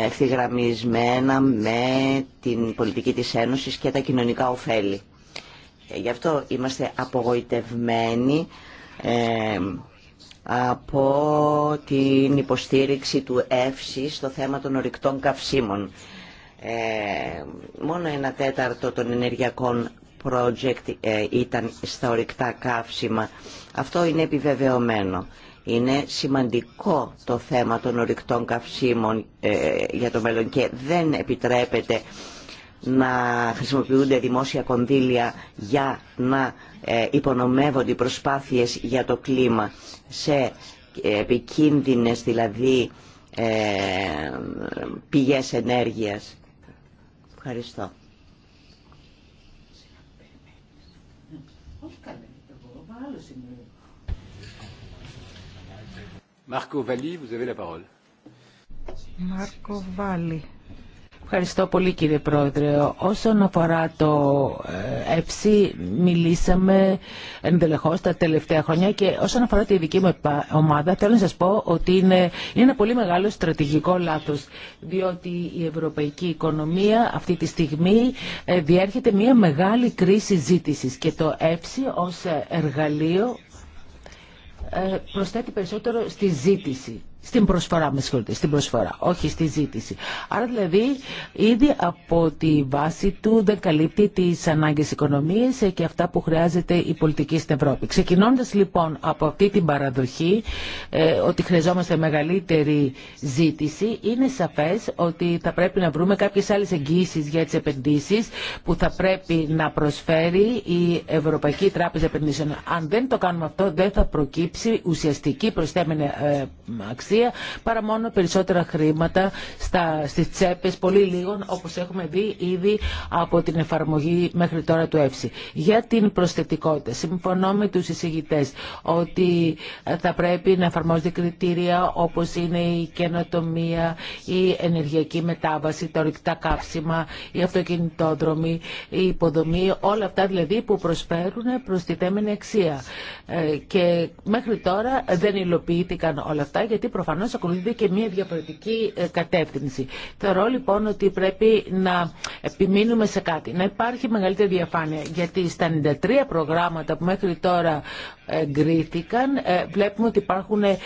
ευθυγραμμισμένα με την πολιτική της Ένωσης και τα κοινωνικά ωφέλη. Ε, γι' αυτό είμαστε απογοητευμένοι από την υποστήριξη του ΕΦΣΙ στο θέμα των ορυκτών καυσίμων. μόνο ένα τέταρτο των ενεργειακών project ε, ήταν στα ορυκτά καύσιμα. Αυτό είναι επιβεβαιωμένο. Είναι σημαντικό το θέμα των ορυκτών καυσίμων ε, για το μέλλον και δεν επιτρέπεται να χρησιμοποιούνται δημόσια κονδύλια για να ε, υπονομεύονται οι προσπάθειες για το κλίμα σε επικίνδυνες δηλαδή ε, πηγές ενέργειας. Ευχαριστώ.
Ευχαριστώ πολύ κύριε Πρόεδρε. Όσον αφορά το ΕΦΣΥ, μιλήσαμε ενδελεχώς τα τελευταία χρόνια και όσον αφορά τη δική μου ομάδα θέλω να σας πω ότι είναι, είναι ένα πολύ μεγάλο στρατηγικό λάθος διότι η ευρωπαϊκή οικονομία αυτή τη στιγμή ε, διέρχεται μια μεγάλη κρίση ζήτησης και το ΕΦΣΥ ως εργαλείο ε, προσθέτει περισσότερο στη ζήτηση στην προσφορά, με συγχωρείτε, στην προσφορά, όχι στη ζήτηση. Άρα δηλαδή ήδη από τη βάση του δεν καλύπτει τις ανάγκες οικονομίε και αυτά που χρειάζεται η πολιτική στην Ευρώπη. Ξεκινώντας λοιπόν από αυτή την παραδοχή ε, ότι χρειαζόμαστε μεγαλύτερη ζήτηση, είναι σαφές ότι θα πρέπει να βρούμε κάποιες άλλες εγγύσει για τις επενδύσεις που θα πρέπει να προσφέρει η Ευρωπαϊκή Τράπεζα Επενδύσεων. Αν δεν το κάνουμε αυτό δεν θα προκύψει ουσιαστική προσθέμενη ε, αξία εργασία παρά μόνο περισσότερα χρήματα στα, στις τσέπες πολύ λίγων όπως έχουμε δει ήδη από την εφαρμογή μέχρι τώρα του ΕΦΣΥ. Για την προσθετικότητα συμφωνώ με τους εισηγητές ότι θα πρέπει να εφαρμόζονται κριτήρια όπως είναι η καινοτομία, η ενεργειακή μετάβαση, τα ορυκτά καύσιμα, η αυτοκινητόδρομη, η υποδομή, όλα αυτά δηλαδή που προσφέρουν προστιθέμενη αξία. Ε, και μέχρι τώρα δεν υλοποιήθηκαν όλα αυτά γιατί Προφανώ ακολουθείται και μια διαφορετική ε, κατεύθυνση. Θεωρώ λοιπόν ότι πρέπει να επιμείνουμε σε κάτι, να υπάρχει μεγαλύτερη διαφάνεια, γιατί στα 93 προγράμματα που μέχρι τώρα εγκρίθηκαν, ε, βλέπουμε ότι υπάρχουν ε,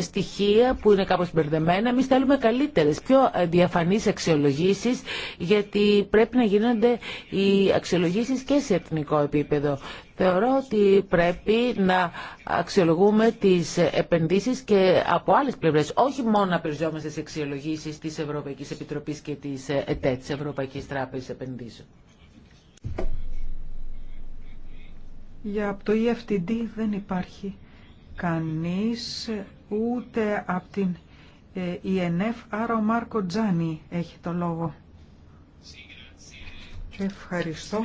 στοιχεία που είναι κάπω μπερδεμένα. Εμεί θέλουμε καλύτερε, πιο διαφανεί αξιολογήσει, γιατί πρέπει να γίνονται οι αξιολογήσει και σε εθνικό επίπεδο. Θεωρώ ότι πρέπει να αξιολογούμε τις επενδύσεις και από άλλες πλευρές, όχι μόνο να περιζόμαστε σε αξιολογήσεις της Ευρωπαϊκής Επιτροπής και της ε, ΕΤΕ, της Ευρωπαϊκής Τράπεζας Επενδύσεων.
Για από το EFTD δεν υπάρχει κανείς ούτε από την ΕΝΕΦ, e άρα ο Μάρκο Τζάνι έχει το λόγο. Ευχαριστώ.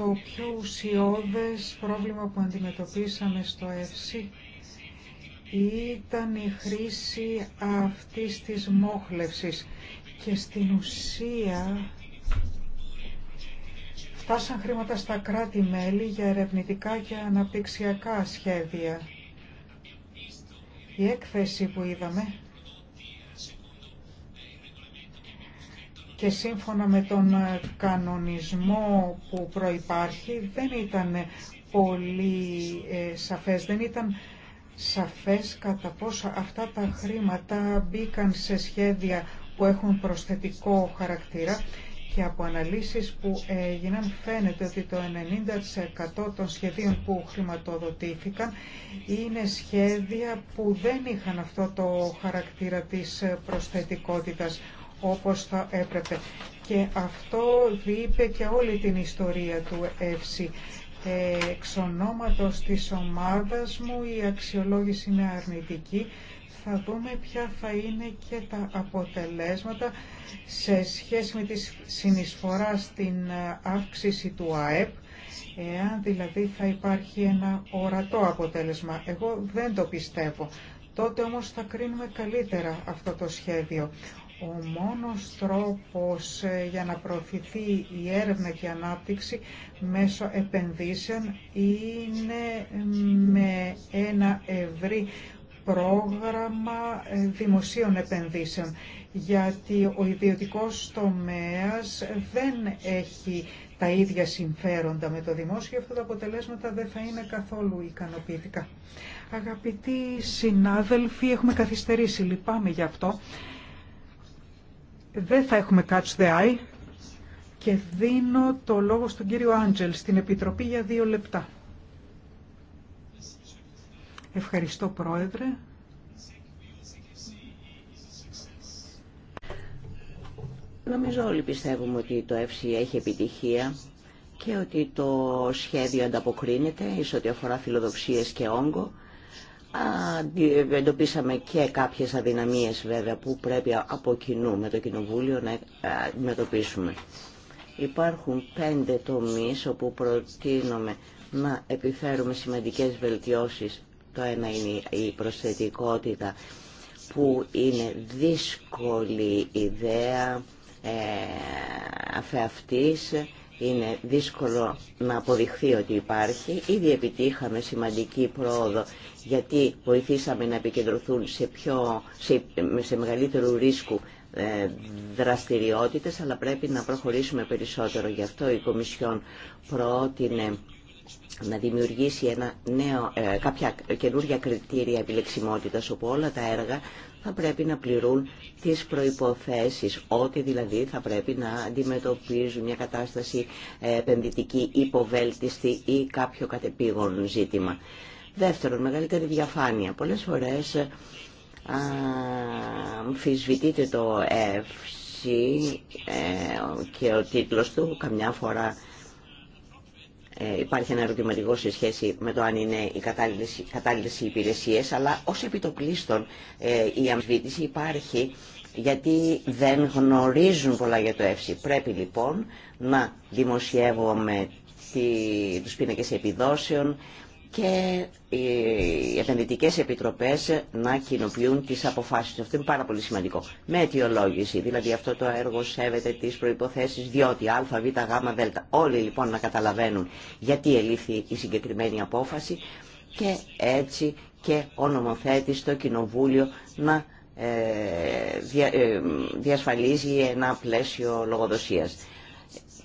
το πιο ουσιώδες πρόβλημα που αντιμετωπίσαμε στο ΕΦΣΥ ήταν η χρήση αυτής της μόχλευσης και στην ουσία φτάσαν χρήματα στα κράτη-μέλη για ερευνητικά και αναπτυξιακά σχέδια. Η έκθεση που είδαμε και σύμφωνα με τον ε, κανονισμό που προϋπάρχει δεν ήταν πολύ ε, σαφές, δεν ήταν σαφές κατά πόσα αυτά τα χρήματα μπήκαν σε σχέδια που έχουν προσθετικό χαρακτήρα και από αναλύσεις που έγιναν φαίνεται ότι το 90% των σχεδίων που χρηματοδοτήθηκαν είναι σχέδια που δεν είχαν αυτό το χαρακτήρα της ε, προσθετικότητας όπως θα έπρεπε. Και αυτό διείπε και όλη την ιστορία του ΕΦΣΙ Εξ ονόματος της ομάδας μου η αξιολόγηση είναι αρνητική. Θα δούμε ποια θα είναι και τα αποτελέσματα σε σχέση με τη συνεισφορά στην ε, αύξηση του ΑΕΠ, εάν δηλαδή θα υπάρχει ένα ορατό αποτέλεσμα. Εγώ δεν το πιστεύω. Τότε όμως θα κρίνουμε καλύτερα αυτό το σχέδιο. Ο μόνος τρόπος ε, για να προωθηθεί η έρευνα και η ανάπτυξη μέσω επενδύσεων είναι ε, με ένα ευρύ πρόγραμμα ε, δημοσίων επενδύσεων γιατί ο ιδιωτικός τομέας δεν έχει τα ίδια συμφέροντα με το δημόσιο και αυτά τα αποτελέσματα δεν θα είναι καθόλου ικανοποιητικά. Αγαπητοί συνάδελφοι, έχουμε καθυστερήσει, λυπάμαι γι' αυτό δεν θα έχουμε catch the eye και δίνω το λόγο στον κύριο Άντζελ στην Επιτροπή για δύο λεπτά. Ευχαριστώ Πρόεδρε. Νομίζω όλοι
πιστεύουμε ότι το ΕΦΣΙ έχει επιτυχία και ότι το σχέδιο ανταποκρίνεται ίσως ό,τι αφορά φιλοδοξίες και όγκο Εντοπίσαμε και κάποιες αδυναμίες βέβαια που πρέπει από κοινού με το Κοινοβούλιο να ε, αντιμετωπίσουμε. Υπάρχουν πέντε τομείς όπου προτείνουμε να επιφέρουμε σημαντικές βελτιώσεις. Το ένα είναι η προσθετικότητα που είναι δύσκολη ιδέα ε, αφεαυτής είναι δύσκολο να αποδειχθεί ότι υπάρχει. Ήδη επιτύχαμε σημαντική πρόοδο γιατί βοηθήσαμε να επικεντρωθούν σε, πιο, σε, σε μεγαλύτερου ρίσκου ε, δραστηριότητες, αλλά πρέπει να προχωρήσουμε περισσότερο. Γι' αυτό η Κομισιόν πρότεινε να δημιουργήσει ένα νέο, ε, κάποια καινούργια κριτήρια επιλεξιμότητας, όπου όλα τα έργα θα πρέπει να πληρούν τις προϋποθέσεις, ότι δηλαδή θα πρέπει να αντιμετωπίζουν μια κατάσταση ε, επενδυτική υποβέλτιστη ή κάποιο κατεπήγον ζήτημα. Δεύτερον, μεγαλύτερη διαφάνεια. Πολλές φορές ε, αμφισβητείται το ΕΦΣΙ και ο τίτλος του, καμιά φορά ε, υπάρχει ένα ερωτηματικό σε σχέση με το αν είναι οι κατάλληλες οι υπηρεσίες, αλλά ως επιτοπλίστων ε, η αμφισβήτηση υπάρχει γιατί δεν γνωρίζουν πολλά για το ΕΦΣΥ. Πρέπει λοιπόν να δημοσιεύουμε τους πίνακες επιδόσεων, και οι επενδυτικέ επιτροπέ να κοινοποιούν τις αποφάσεις. Αυτό είναι πάρα πολύ σημαντικό. Με αιτιολόγηση, δηλαδή αυτό το έργο σέβεται τι προποθέσει διότι α, β, γ, δ. Όλοι λοιπόν να καταλαβαίνουν γιατί ελήφθη η συγκεκριμένη απόφαση και έτσι και ο νομοθέτη, στο Κοινοβούλιο να ε, ε, διασφαλίζει ένα πλαίσιο λογοδοσίας.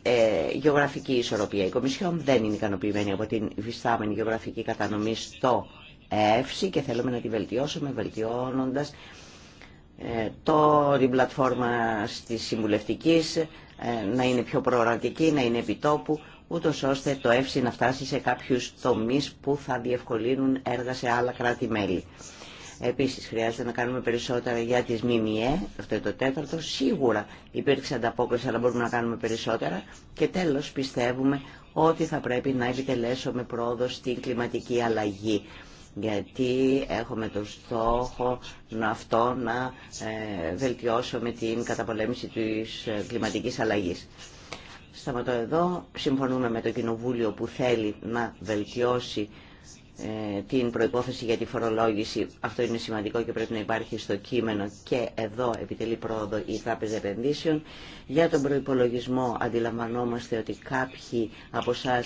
Ε, γεωγραφική ισορροπία. Η Κομισιόν δεν είναι ικανοποιημένη από την υφιστάμενη γεωγραφική κατανομή στο ΕΕΦΣΗ και θέλουμε να τη βελτιώσουμε βελτιώνοντας ε, το, την πλατφόρμα της συμβουλευτικής ε, να είναι πιο προορατική, να είναι επιτόπου ούτω ώστε το ΕΦΣΙ να φτάσει σε κάποιους τομείς που θα διευκολύνουν έργα σε άλλα κράτη-μέλη. Επίσης χρειάζεται να κάνουμε περισσότερα για τις ΜΜΕ, αυτό είναι το τέταρτο. Σίγουρα υπήρξε ανταπόκριση, αλλά μπορούμε να κάνουμε περισσότερα. Και τέλος πιστεύουμε ότι θα πρέπει να επιτελέσουμε πρόοδο στην κλιματική αλλαγή γιατί έχουμε το στόχο να αυτό να ε, βελτιώσουμε την καταπολέμηση της ε, κλιματικής αλλαγής. Σταματώ εδώ. Συμφωνούμε με το Κοινοβούλιο που θέλει να βελτιώσει ε, την προϋπόθεση για τη φορολόγηση. Αυτό είναι σημαντικό και πρέπει να υπάρχει στο κείμενο και εδώ επιτελεί πρόοδο η Τράπεζα Επενδύσεων. Για τον προϋπολογισμό αντιλαμβανόμαστε ότι κάποιοι από εσά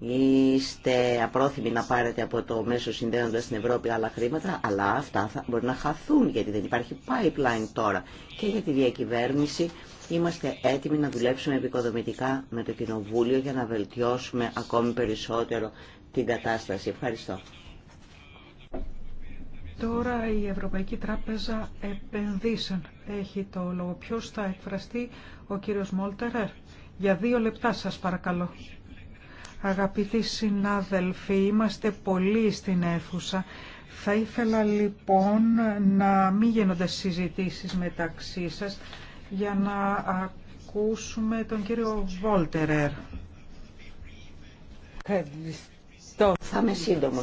είστε απρόθυμοι να πάρετε από το μέσο συνδέοντα στην Ευρώπη άλλα χρήματα, αλλά αυτά θα μπορεί να χαθούν γιατί δεν υπάρχει pipeline τώρα. Και για τη διακυβέρνηση είμαστε έτοιμοι να δουλέψουμε επικοδομητικά με το Κοινοβούλιο για να βελτιώσουμε ακόμη περισσότερο την κατάσταση. Ευχαριστώ.
Τώρα η Ευρωπαϊκή Τράπεζα Επενδύσεων έχει το λόγο. Ποιο θα εκφραστεί, ο κύριος Μόλτερερ. Για δύο λεπτά σας παρακαλώ. Αγαπητοί συνάδελφοι, είμαστε πολλοί στην αίθουσα. Θα ήθελα λοιπόν να μην γίνονται συζητήσεις μεταξύ σας για να ακούσουμε τον κύριο Βόλτερερ. Ευχαριστώ. Θα είμαι σύντομο.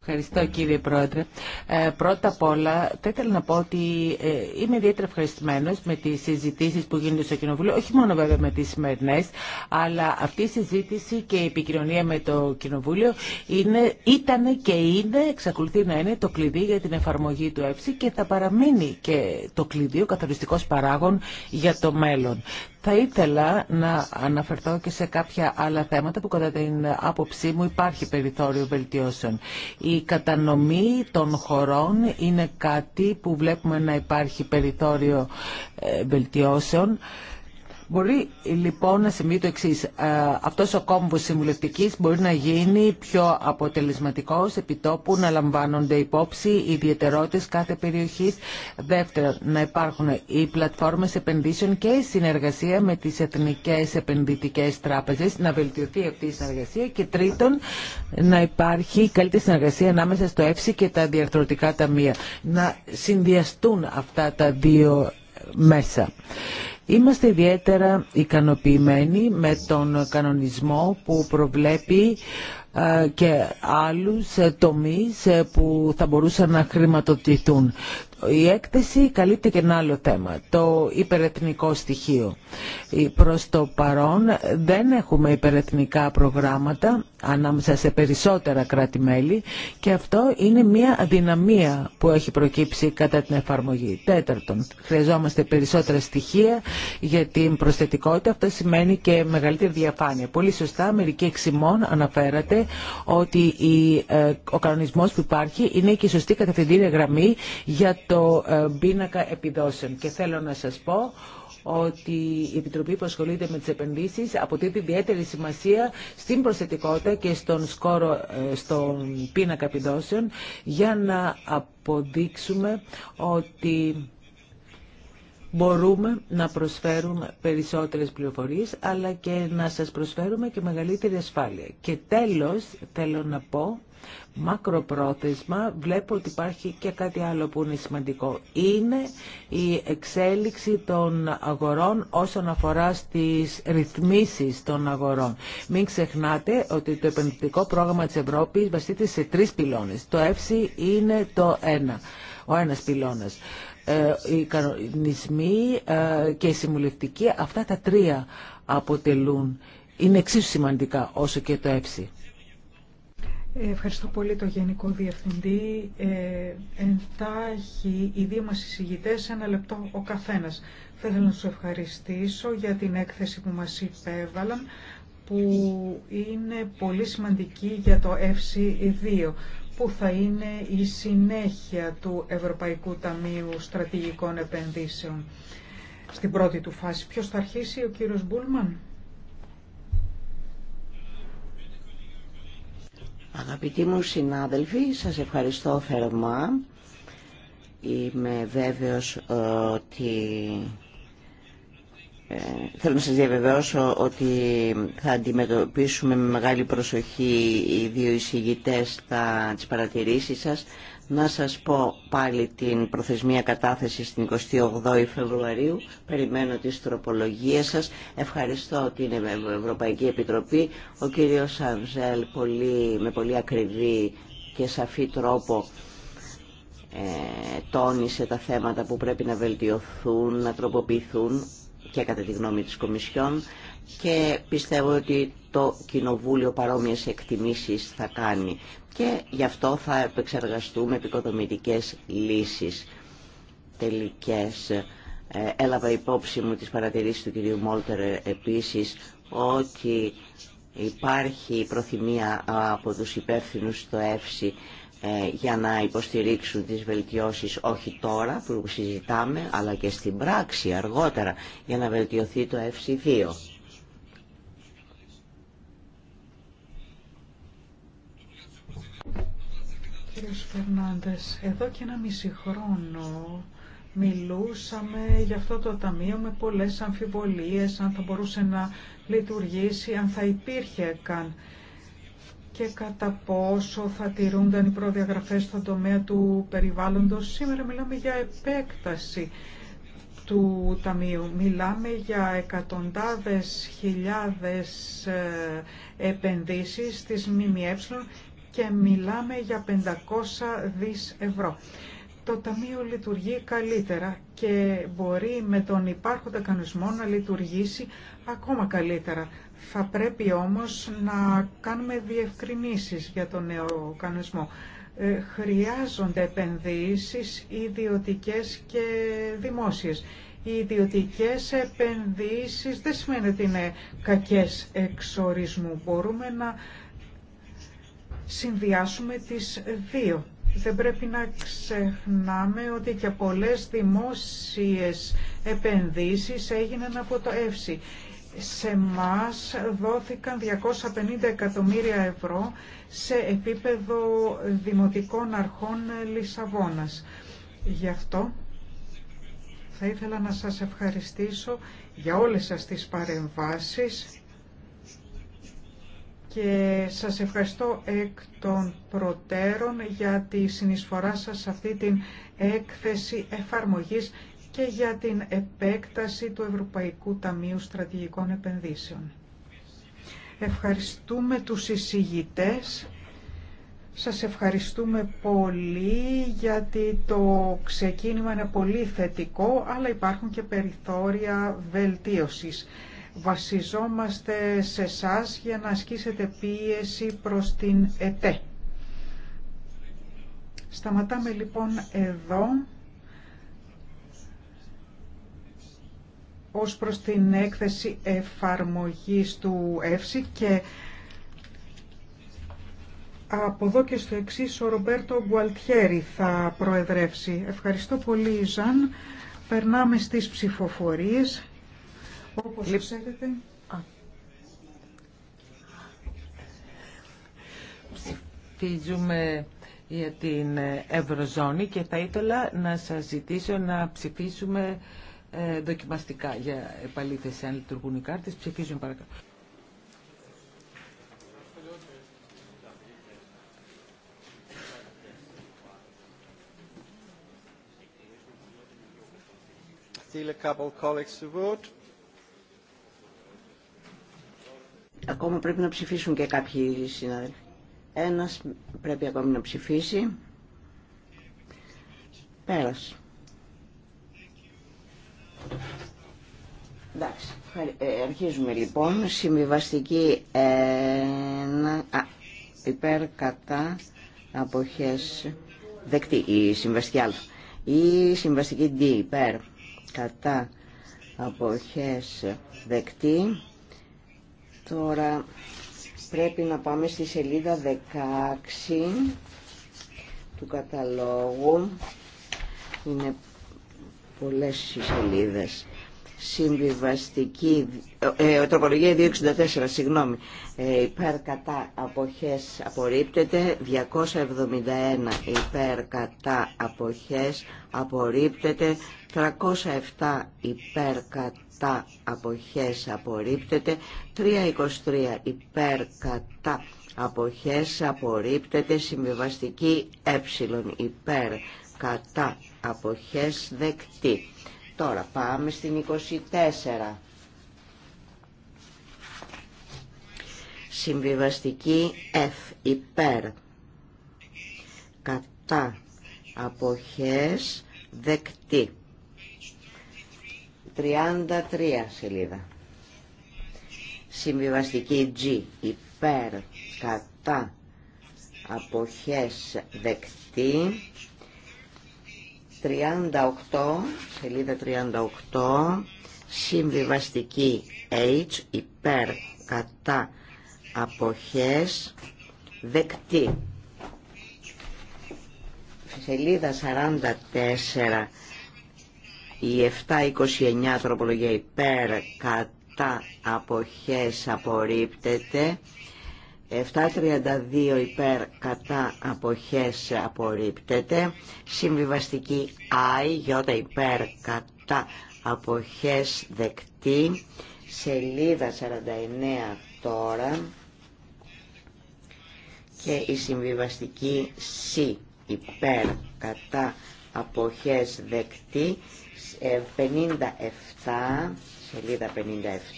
Ευχαριστώ κύριε Πρόεδρε. Ε, πρώτα απ' όλα θα ήθελα να πω ότι ε, είμαι ιδιαίτερα ευχαριστημένο με τι συζητήσει που γίνονται στο Κοινοβούλιο, όχι μόνο βέβαια με τι σημερινέ, αλλά αυτή η συζήτηση και η επικοινωνία με το Κοινοβούλιο ήταν και είναι, εξακολουθεί να είναι το κλειδί για την εφαρμογή του ΕΨΗ και θα παραμείνει και το κλειδί, ο καθοριστικό παράγων για το μέλλον. Θα ήθελα να αναφερθώ και σε κάποια άλλα θέματα που κατά την άποψή μου υπάρχει περιθώριο βελτιώσεων. Η κατανομή των χωρών είναι κάτι που βλέπουμε να υπάρχει περιθώριο ε, βελτιώσεων. Μπορεί λοιπόν να συμβεί το εξή. Ε, Αυτό ο κόμβο συμβουλευτική μπορεί να γίνει πιο αποτελεσματικό τόπου να λαμβάνονται υπόψη οι ιδιαιτερότητε κάθε περιοχή. Δεύτερον, να υπάρχουν οι πλατφόρμε επενδύσεων και η συνεργασία με τι εθνικέ επενδυτικέ τράπεζε, να βελτιωθεί αυτή η συνεργασία. Και τρίτον, να υπάρχει καλύτερη συνεργασία ανάμεσα στο ΕΦΣΙ και τα διαρθρωτικά ταμεία. Να συνδυαστούν αυτά τα δύο μέσα. Είμαστε ιδιαίτερα ικανοποιημένοι με τον κανονισμό που προβλέπει ε, και άλλους ε, τομείς ε, που θα μπορούσαν να χρηματοδοτηθούν. Η έκθεση καλύπτει και ένα άλλο θέμα, το υπερεθνικό στοιχείο. Προς το παρόν δεν έχουμε υπερεθνικά προγράμματα ανάμεσα σε περισσότερα κράτη-μέλη και αυτό είναι μια αδυναμία που έχει προκύψει κατά την εφαρμογή. Τέταρτον, χρειαζόμαστε περισσότερα στοιχεία για την προσθετικότητα. Αυτό σημαίνει και μεγαλύτερη διαφάνεια. Πολύ σωστά, μερικοί εξημών αναφέρατε ότι ε, ο κανονισμός που υπάρχει είναι και η σωστή κατευθυντήρια γραμμή για το ε, πίνακα επιδόσεων. Και θέλω να σας πω ότι η Επιτροπή που ασχολείται με τις επενδύσεις αποτελεί ιδιαίτερη σημασία στην προσθετικότητα και στον, σκόρο, ε, στον πίνακα επιδόσεων για να αποδείξουμε ότι μπορούμε να προσφέρουμε περισσότερες πληροφορίες αλλά και να σας προσφέρουμε και μεγαλύτερη ασφάλεια. Και τέλος θέλω να πω Μακροπρόθεσμα βλέπω ότι υπάρχει και κάτι άλλο που είναι σημαντικό. Είναι η εξέλιξη των αγορών όσον αφορά στις ρυθμίσεις των αγορών. Μην ξεχνάτε ότι το επενδυτικό πρόγραμμα της Ευρώπης βασίζεται σε τρεις πυλώνες. Το ΕΦΣΙ είναι το ένα, ο ένας πυλώνας ε, οι κανονισμοί ε, και η συμβουλευτική, αυτά τα τρία αποτελούν, είναι εξίσου σημαντικά όσο και το ΕΦΣΥ.
Ευχαριστώ πολύ το Γενικό Διευθυντή. Ε, εντάχει οι δύο μας εισηγητές ένα λεπτό ο καθένας. Θα να σας ευχαριστήσω για την έκθεση που μας υπέβαλαν που είναι πολύ σημαντική για το FC2 που θα είναι η συνέχεια του Ευρωπαϊκού Ταμείου Στρατηγικών Επενδύσεων. Στην πρώτη του φάση ποιος θα αρχίσει, ο κύριος Μπούλμαν.
Αγαπητοί μου συνάδελφοι, σας ευχαριστώ θερμά. Είμαι βέβαιος ότι... Ε, θέλω να σας διαβεβαιώσω ότι θα αντιμετωπίσουμε με μεγάλη προσοχή οι δύο εισηγητές τα, τις παρατηρήσεις σας. Να σας πω πάλι την προθεσμία κατάθεση στην 28η Φεβρουαρίου. Περιμένω τις τροπολογίες σας. Ευχαριστώ την Ευρωπαϊκή Επιτροπή. Ο κύριος Αβζελ πολύ, με πολύ ακριβή και σαφή τρόπο ε, τόνισε τα θέματα που πρέπει να βελτιωθούν, να τροποποιηθούν και κατά τη γνώμη της Κομισιόν και πιστεύω ότι το Κοινοβούλιο παρόμοιες εκτιμήσεις θα κάνει και γι' αυτό θα επεξεργαστούμε επικοδομητικές λύσεις τελικές. Ε, έλαβα υπόψη μου τις παρατηρήσεις του κυρίου Μόλτερ επίσης ότι υπάρχει προθυμία από τους υπεύθυνου στο ΕΦΣΙ ε, για να υποστηρίξουν τις βελτιώσεις όχι τώρα που συζητάμε αλλά και στην πράξη αργότερα για να βελτιωθεί το ΕΦΣΙ 2.
Κύριος Φερνάντες, εδώ και ένα μισή χρόνο μιλούσαμε για αυτό το ταμείο με πολλές αμφιβολίες, αν θα μπορούσε να λειτουργήσει, αν θα υπήρχε καν και κατά πόσο θα τηρούνταν οι προδιαγραφές στον τομέα του περιβάλλοντος. Σήμερα μιλάμε για επέκταση του Ταμείου. Μιλάμε για εκατοντάδες χιλιάδες ε, επενδύσεις της ΜΜΕ και μιλάμε για 500 δις ευρώ. Το Ταμείο λειτουργεί καλύτερα και μπορεί με τον υπάρχοντα κανονισμό να λειτουργήσει ακόμα καλύτερα. Θα πρέπει όμως να κάνουμε διευκρινήσεις για τον νέο κανονισμό. Ε, χρειάζονται επενδύσεις ιδιωτικές και δημόσιες. Οι ιδιωτικές επενδύσεις δεν σημαίνει ότι είναι κακές εξορισμού. Μπορούμε να συνδυάσουμε τις δύο. Δεν πρέπει να ξεχνάμε ότι και πολλές δημόσιες επενδύσεις έγιναν από το ΕΦΣΥ. Σε μας δόθηκαν 250 εκατομμύρια ευρώ σε επίπεδο δημοτικών αρχών Λισαβόνας. Γι' αυτό θα ήθελα να σας ευχαριστήσω για όλες σας τις παρεμβάσεις και σας ευχαριστώ εκ των προτέρων για τη συνεισφορά σας σε αυτή την έκθεση εφαρμογής και για την επέκταση του Ευρωπαϊκού Ταμείου Στρατηγικών Επενδύσεων. Ευχαριστούμε τους εισηγητές. Σας ευχαριστούμε πολύ γιατί το ξεκίνημα είναι πολύ θετικό, αλλά υπάρχουν και περιθώρια βελτίωσης βασιζόμαστε σε εσά για να ασκήσετε πίεση προς την ΕΤΕ. Σταματάμε λοιπόν εδώ ως προς την έκθεση εφαρμογής του ΕΦΣΙ και από εδώ και στο εξής ο Ρομπέρτο Γκουαλτιέρη θα προεδρεύσει. Ευχαριστώ πολύ Ζαν. Περνάμε στις ψηφοφορίες. Όπως Λ... ξέρετε...
Ψηφίζουμε για την ε, Ευρωζώνη και θα ήθελα να σας ζητήσω να ψηφίσουμε ε, δοκιμαστικά για επαλήθευση αν λειτουργούν οι κάρτες. Ψηφίζουμε παρακαλώ.
Still a couple colleagues to vote.
Ακόμα πρέπει να ψηφίσουν και κάποιοι συνάδελφοι. Ένας πρέπει ακόμη να ψηφίσει. Πέρασε. Εντάξει. Ε, αρχίζουμε λοιπόν. Συμβιβαστική 1. Α, υπέρ κατά αποχές δεκτή η συμβαστική α. Η συμβαστική D υπέρ κατά αποχές δεκτή. Τώρα πρέπει να πάμε στη σελίδα 16 του καταλόγου. Είναι πολλές οι σελίδες. Συμβιβαστική, ε, ε τροπολογία 264, συγγνώμη, ε, υπέρ κατά αποχές απορρίπτεται, 271 υπέρ κατά αποχές απορρίπτεται, 307 υπέρ κατά αποχές απορρίπτεται, 323 υπέρ κατά αποχές απορρίπτεται, συμβιβαστική ε υπέρ κατά αποχές δεκτή. Τώρα πάμε στην 24. Συμβιβαστική F ε υπέρ κατά αποχές δεκτή. 33 σελίδα. Συμβιβαστική G υπέρ κατά αποχές δεκτή. 38 σελίδα 38 συμβιβαστική H υπέρ κατά αποχές δεκτή. Σελίδα 44 η 729 τροπολογία υπέρ κατά αποχές απορρίπτεται. 732 υπέρ κατά αποχές απορρίπτεται. Συμβιβαστική I, Ι υπέρ κατά αποχές δεκτή. Σελίδα 49 τώρα και η συμβιβαστική C υπέρ κατά αποχές δεκτή 57, σελίδα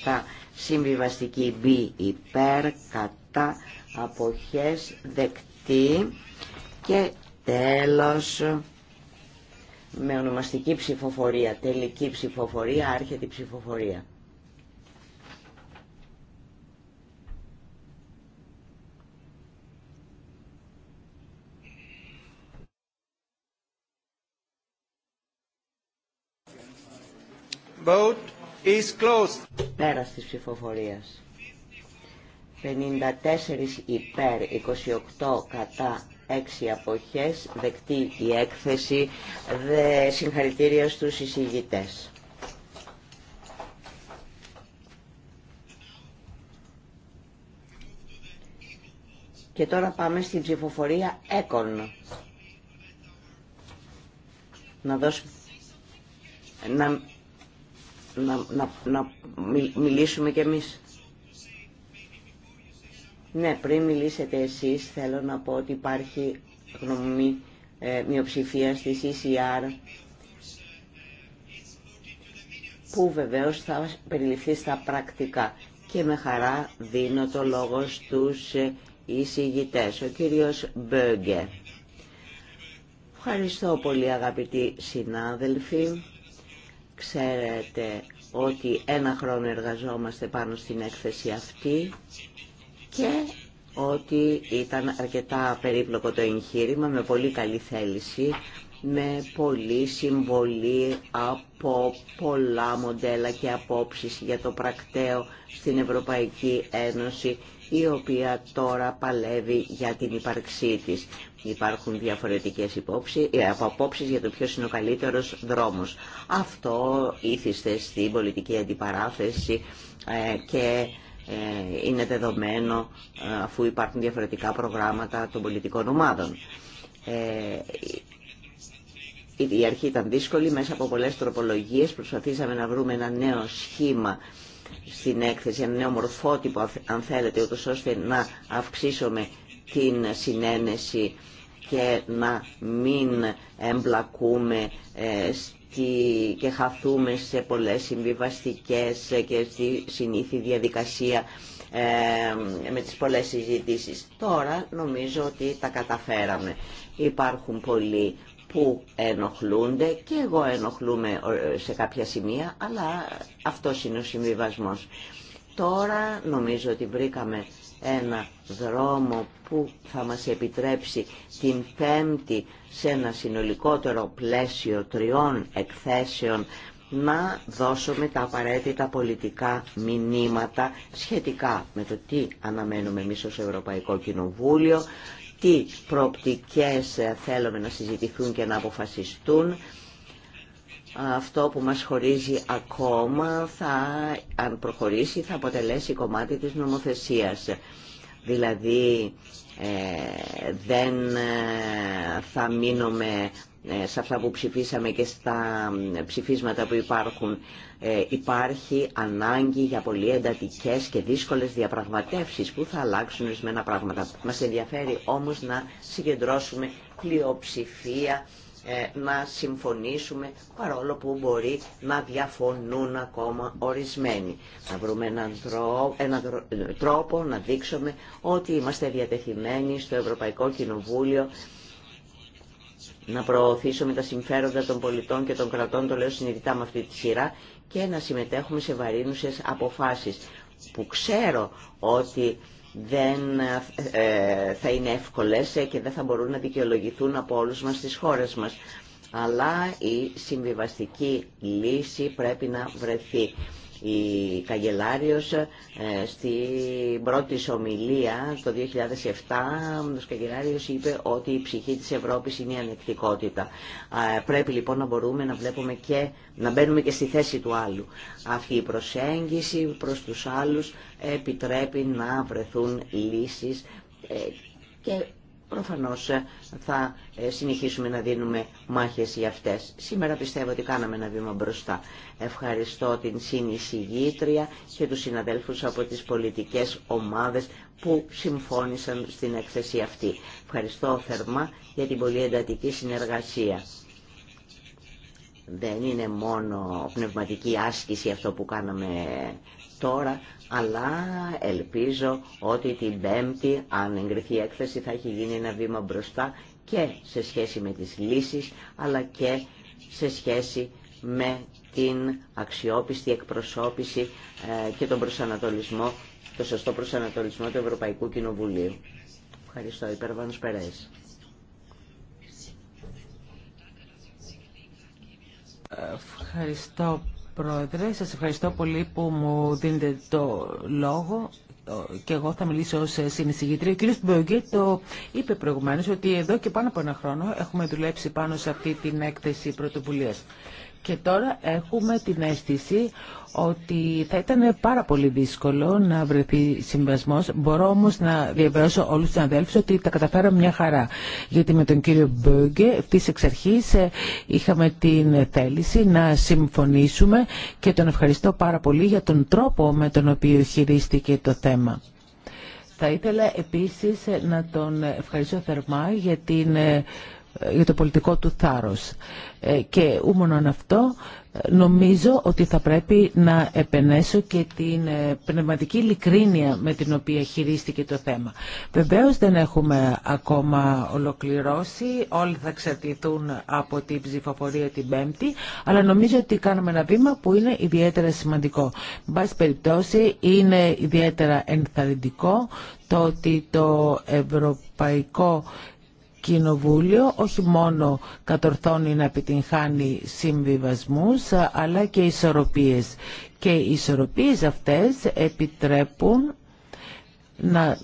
57, συμβιβαστική B υπέρ, κατά, αποχές, δεκτή και τέλος με ονομαστική ψηφοφορία, τελική ψηφοφορία, άρχεται η ψηφοφορία.
Vote is closed. Πέρας
της ψηφοφορίας. 54 υπέρ, 28 κατά, 6 αποχές, δεκτή η έκθεση, δε συγχαρητήρια στους εισηγητές. Και τώρα πάμε στην ψηφοφορία έκον. Να δώσουμε... Να να, να, να μιλήσουμε κι εμείς. Ναι, πριν μιλήσετε εσείς, θέλω να πω ότι υπάρχει γνωμή ε, μειοψηφία στη CCR που βεβαίως θα περιληφθεί στα πρακτικά. Και με χαρά δίνω το λόγο στους ε, εισηγητές. Ο κύριος Μπέγκε. Ευχαριστώ πολύ αγαπητοί συνάδελφοι. Ξέρετε ότι ένα χρόνο εργαζόμαστε πάνω στην έκθεση αυτή και ότι ήταν αρκετά περίπλοκο το εγχείρημα με πολύ καλή θέληση, με πολλή συμβολή από πολλά μοντέλα και απόψεις για το πρακτέο στην Ευρωπαϊκή Ένωση η οποία τώρα παλεύει για την ύπαρξή της. Υπάρχουν διαφορετικές υπόψεις, από απόψεις για το ποιος είναι ο καλύτερος δρόμος. Αυτό ήθιστε στην πολιτική αντιπαράθεση ε, και ε, είναι δεδομένο ε, αφού υπάρχουν διαφορετικά προγράμματα των πολιτικών ομάδων. Η αρχή ήταν δύσκολη, μέσα από πολλές τροπολογίες προσπαθήσαμε να βρούμε ένα νέο σχήμα στην έκθεση, ένα νέο μορφότυπο αν θέλετε, ώστε να αυξήσουμε την συνένεση και να μην εμπλακούμε ε, και χαθούμε σε πολλές συμβιβαστικές και στη συνήθη διαδικασία ε, με τις πολλές συζητήσεις. Τώρα νομίζω ότι τα καταφέραμε. Υπάρχουν πολλοί που ενοχλούνται και εγώ ενοχλούμαι ε, σε κάποια σημεία, αλλά αυτό είναι ο συμβιβασμό. Τώρα νομίζω ότι βρήκαμε ένα δρόμο που θα μας επιτρέψει την πέμπτη σε ένα συνολικότερο πλαίσιο τριών εκθέσεων να δώσουμε τα απαραίτητα πολιτικά μηνύματα σχετικά με το τι αναμένουμε εμείς ως Ευρωπαϊκό Κοινοβούλιο, τι προοπτικές ε, θέλουμε να συζητηθούν και να αποφασιστούν. Αυτό που μας χωρίζει ακόμα, θα, αν προχωρήσει, θα αποτελέσει κομμάτι της νομοθεσίας. Δηλαδή ε, δεν ε, θα μείνουμε ε, σε αυτά που ψηφίσαμε και στα ψηφίσματα που υπάρχουν. Ε, υπάρχει ανάγκη για πολύ εντατικέ και δύσκολες διαπραγματεύσεις που θα αλλάξουν ορισμένα πράγματα. Μας ενδιαφέρει όμως να συγκεντρώσουμε πλειοψηφία ε, να συμφωνήσουμε παρόλο που μπορεί να διαφωνούν ακόμα ορισμένοι. Να βρούμε έναν ε, τρόπο, να δείξουμε ότι είμαστε διατεθειμένοι στο Ευρωπαϊκό Κοινοβούλιο να προωθήσουμε τα συμφέροντα των πολιτών και των κρατών, το λέω συνειδητά με αυτή τη σειρά, και να συμμετέχουμε σε βαρύνουσες αποφάσεις που ξέρω ότι δεν ε, θα είναι εύκολες και δεν θα μπορούν να δικαιολογηθούν από όλους μας τις χώρες μας. Αλλά η συμβιβαστική λύση πρέπει να βρεθεί η Καγκελάριος ε, στην πρώτη ομιλία το 2007 ο Καγκελάριος είπε ότι η ψυχή της Ευρώπης είναι η ανεκτικότητα. Πρέπει λοιπόν να μπορούμε να βλέπουμε και να μπαίνουμε και στη θέση του άλλου. Αυτή η προσέγγιση προς τους άλλους επιτρέπει να βρεθούν λύσεις ε, και προφανώς ε, θα ε, συνεχίσουμε να δίνουμε μάχες για αυτές. Σήμερα πιστεύω ότι κάναμε ένα βήμα μπροστά. Ευχαριστώ την συνεισηγήτρια και τους συναδέλφους από τις πολιτικές ομάδες που συμφώνησαν στην έκθεση αυτή. Ευχαριστώ θερμά για την πολύ εντατική συνεργασία. Δεν είναι μόνο πνευματική άσκηση αυτό που κάναμε τώρα, αλλά ελπίζω ότι την Πέμπτη, αν εγκριθεί η έκθεση, θα έχει γίνει ένα βήμα μπροστά και σε σχέση με τις λύσεις, αλλά και σε σχέση με την αξιόπιστη εκπροσώπηση ε, και τον προσανατολισμό, το σωστό προσανατολισμό του Ευρωπαϊκού Κοινοβουλίου. Ευχαριστώ, υπερβάνω Περές.
Ευχαριστώ Πρόεδρε. Σας ευχαριστώ πολύ που μου δίνετε το λόγο και εγώ θα μιλήσω ως συνεισηγητρία. Ο κ. Μπέγκε το είπε προηγουμένως ότι εδώ και πάνω από ένα χρόνο έχουμε δουλέψει πάνω σε αυτή την έκθεση πρωτοβουλίας. Και τώρα έχουμε την αίσθηση ότι θα ήταν πάρα πολύ δύσκολο να βρεθεί συμβασμό. Μπορώ όμω να διαβεβαιώσω όλου του αδέλφου ότι τα καταφέραμε μια χαρά. Γιατί με τον κύριο Μπέγκε τη εξ αρχή ε, είχαμε την θέληση να συμφωνήσουμε και τον ευχαριστώ πάρα πολύ για τον τρόπο με τον οποίο χειρίστηκε το θέμα. Θα ήθελα επίσης να τον ευχαριστώ θερμά για την ε, για το πολιτικό του θάρρος. Ε, και ούμονον αυτό, νομίζω ότι θα πρέπει να επενέσω και την ε, πνευματική ειλικρίνεια με την οποία χειρίστηκε το θέμα. Βεβαίως δεν έχουμε ακόμα ολοκληρώσει, όλοι θα εξαρτηθούν από την ψηφοφορία την Πέμπτη, αλλά νομίζω ότι κάναμε ένα βήμα που είναι ιδιαίτερα σημαντικό. Με πάση περιπτώσει είναι ιδιαίτερα ενθαρρυντικό το ότι το Ευρωπαϊκό Κοινοβούλιο όχι μόνο κατορθώνει να επιτυγχάνει συμβιβασμούς αλλά και ισορροπίες. Και οι ισορροπίες αυτές επιτρέπουν να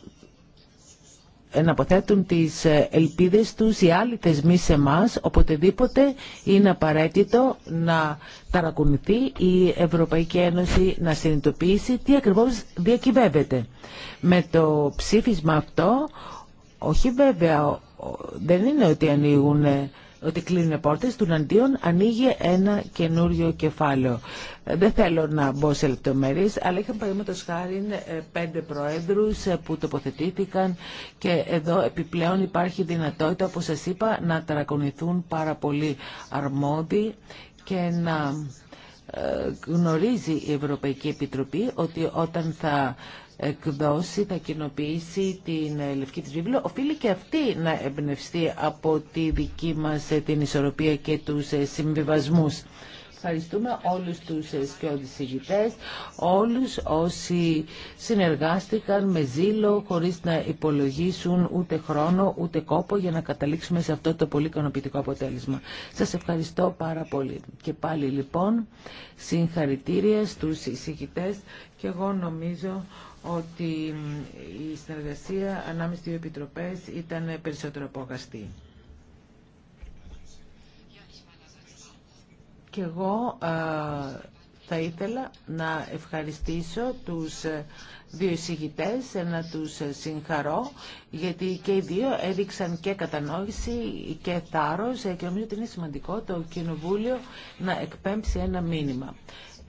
αποθέτουν τις ελπίδες τους οι άλλοι θεσμοί σε εμά, οποτεδήποτε είναι απαραίτητο να ταρακουνηθεί η Ευρωπαϊκή Ένωση να συνειδητοποιήσει τι ακριβώς διακυβεύεται. Με το ψήφισμα αυτό όχι βέβαια, δεν είναι ότι ανοίγουν ότι κλείνουν πόρτες, του αντίον ανοίγει ένα καινούριο κεφάλαιο. Ε, δεν θέλω να μπω σε λεπτομέρειες, αλλά είχαμε παραδείγματος χάρη ε, πέντε προέδρους ε, που τοποθετήθηκαν και εδώ επιπλέον υπάρχει δυνατότητα, όπως σας είπα, να τρακονηθούν πάρα πολύ αρμόδιοι και να γνωρίζει η Ευρωπαϊκή Επιτροπή ότι όταν θα εκδώσει, θα κοινοποιήσει την ε, Λευκή της Βίβλου, οφείλει και αυτή να εμπνευστεί από τη δική μας ε, την ισορροπία και τους ε, συμβιβασμούς. Ευχαριστούμε όλους τους σκιώδης όλους όσοι συνεργάστηκαν με ζήλο χωρίς να υπολογίσουν ούτε χρόνο ούτε κόπο για να καταλήξουμε σε αυτό το πολύ ικανοποιητικό αποτέλεσμα. Σας ευχαριστώ πάρα πολύ. Και πάλι λοιπόν συγχαρητήρια στους εισηγητές και εγώ νομίζω ότι η συνεργασία ανάμεσα στις δύο επιτροπές ήταν περισσότερο απόγαστη. Και εγώ θα ήθελα να ευχαριστήσω τους δύο εισηγητές, να τους συγχαρώ, γιατί και οι δύο έδειξαν και κατανόηση και θάρρος και νομίζω ότι είναι σημαντικό το Κοινοβούλιο να εκπέμψει ένα μήνυμα.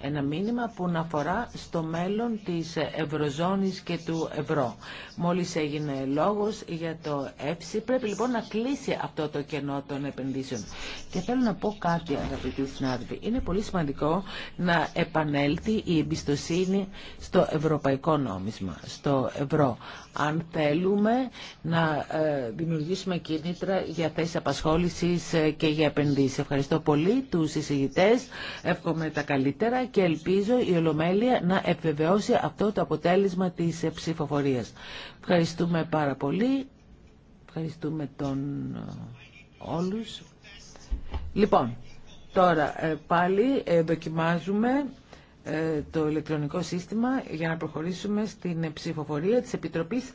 Ένα μήνυμα που να αφορά στο μέλλον της Ευρωζώνης και του Ευρώ. Μόλις έγινε λόγος για το ΕΦΣΥ, πρέπει λοιπόν να κλείσει αυτό το κενό των επενδύσεων. Και θέλω να πω κάτι, αγαπητοί συνάδελφοι. Είναι πολύ σημαντικό να επανέλθει η εμπιστοσύνη στο ευρωπαϊκό νόμισμα, στο ευρώ αν θέλουμε να ε, δημιουργήσουμε κίνητρα για θέσει απασχόληση ε, και για επενδύσει. Ευχαριστώ πολύ του συζητητέ. Εύχομαι τα καλύτερα και ελπίζω η Ολομέλεια να επιβεβαιώσει αυτό το αποτέλεσμα τη ε, ψηφοφορία. Ευχαριστούμε πάρα πολύ. Ευχαριστούμε τον όλους. Λοιπόν, τώρα πάλι δοκιμάζουμε ε, το ηλεκτρονικό σύστημα για να προχωρήσουμε στην ψηφοφορία της Επιτροπής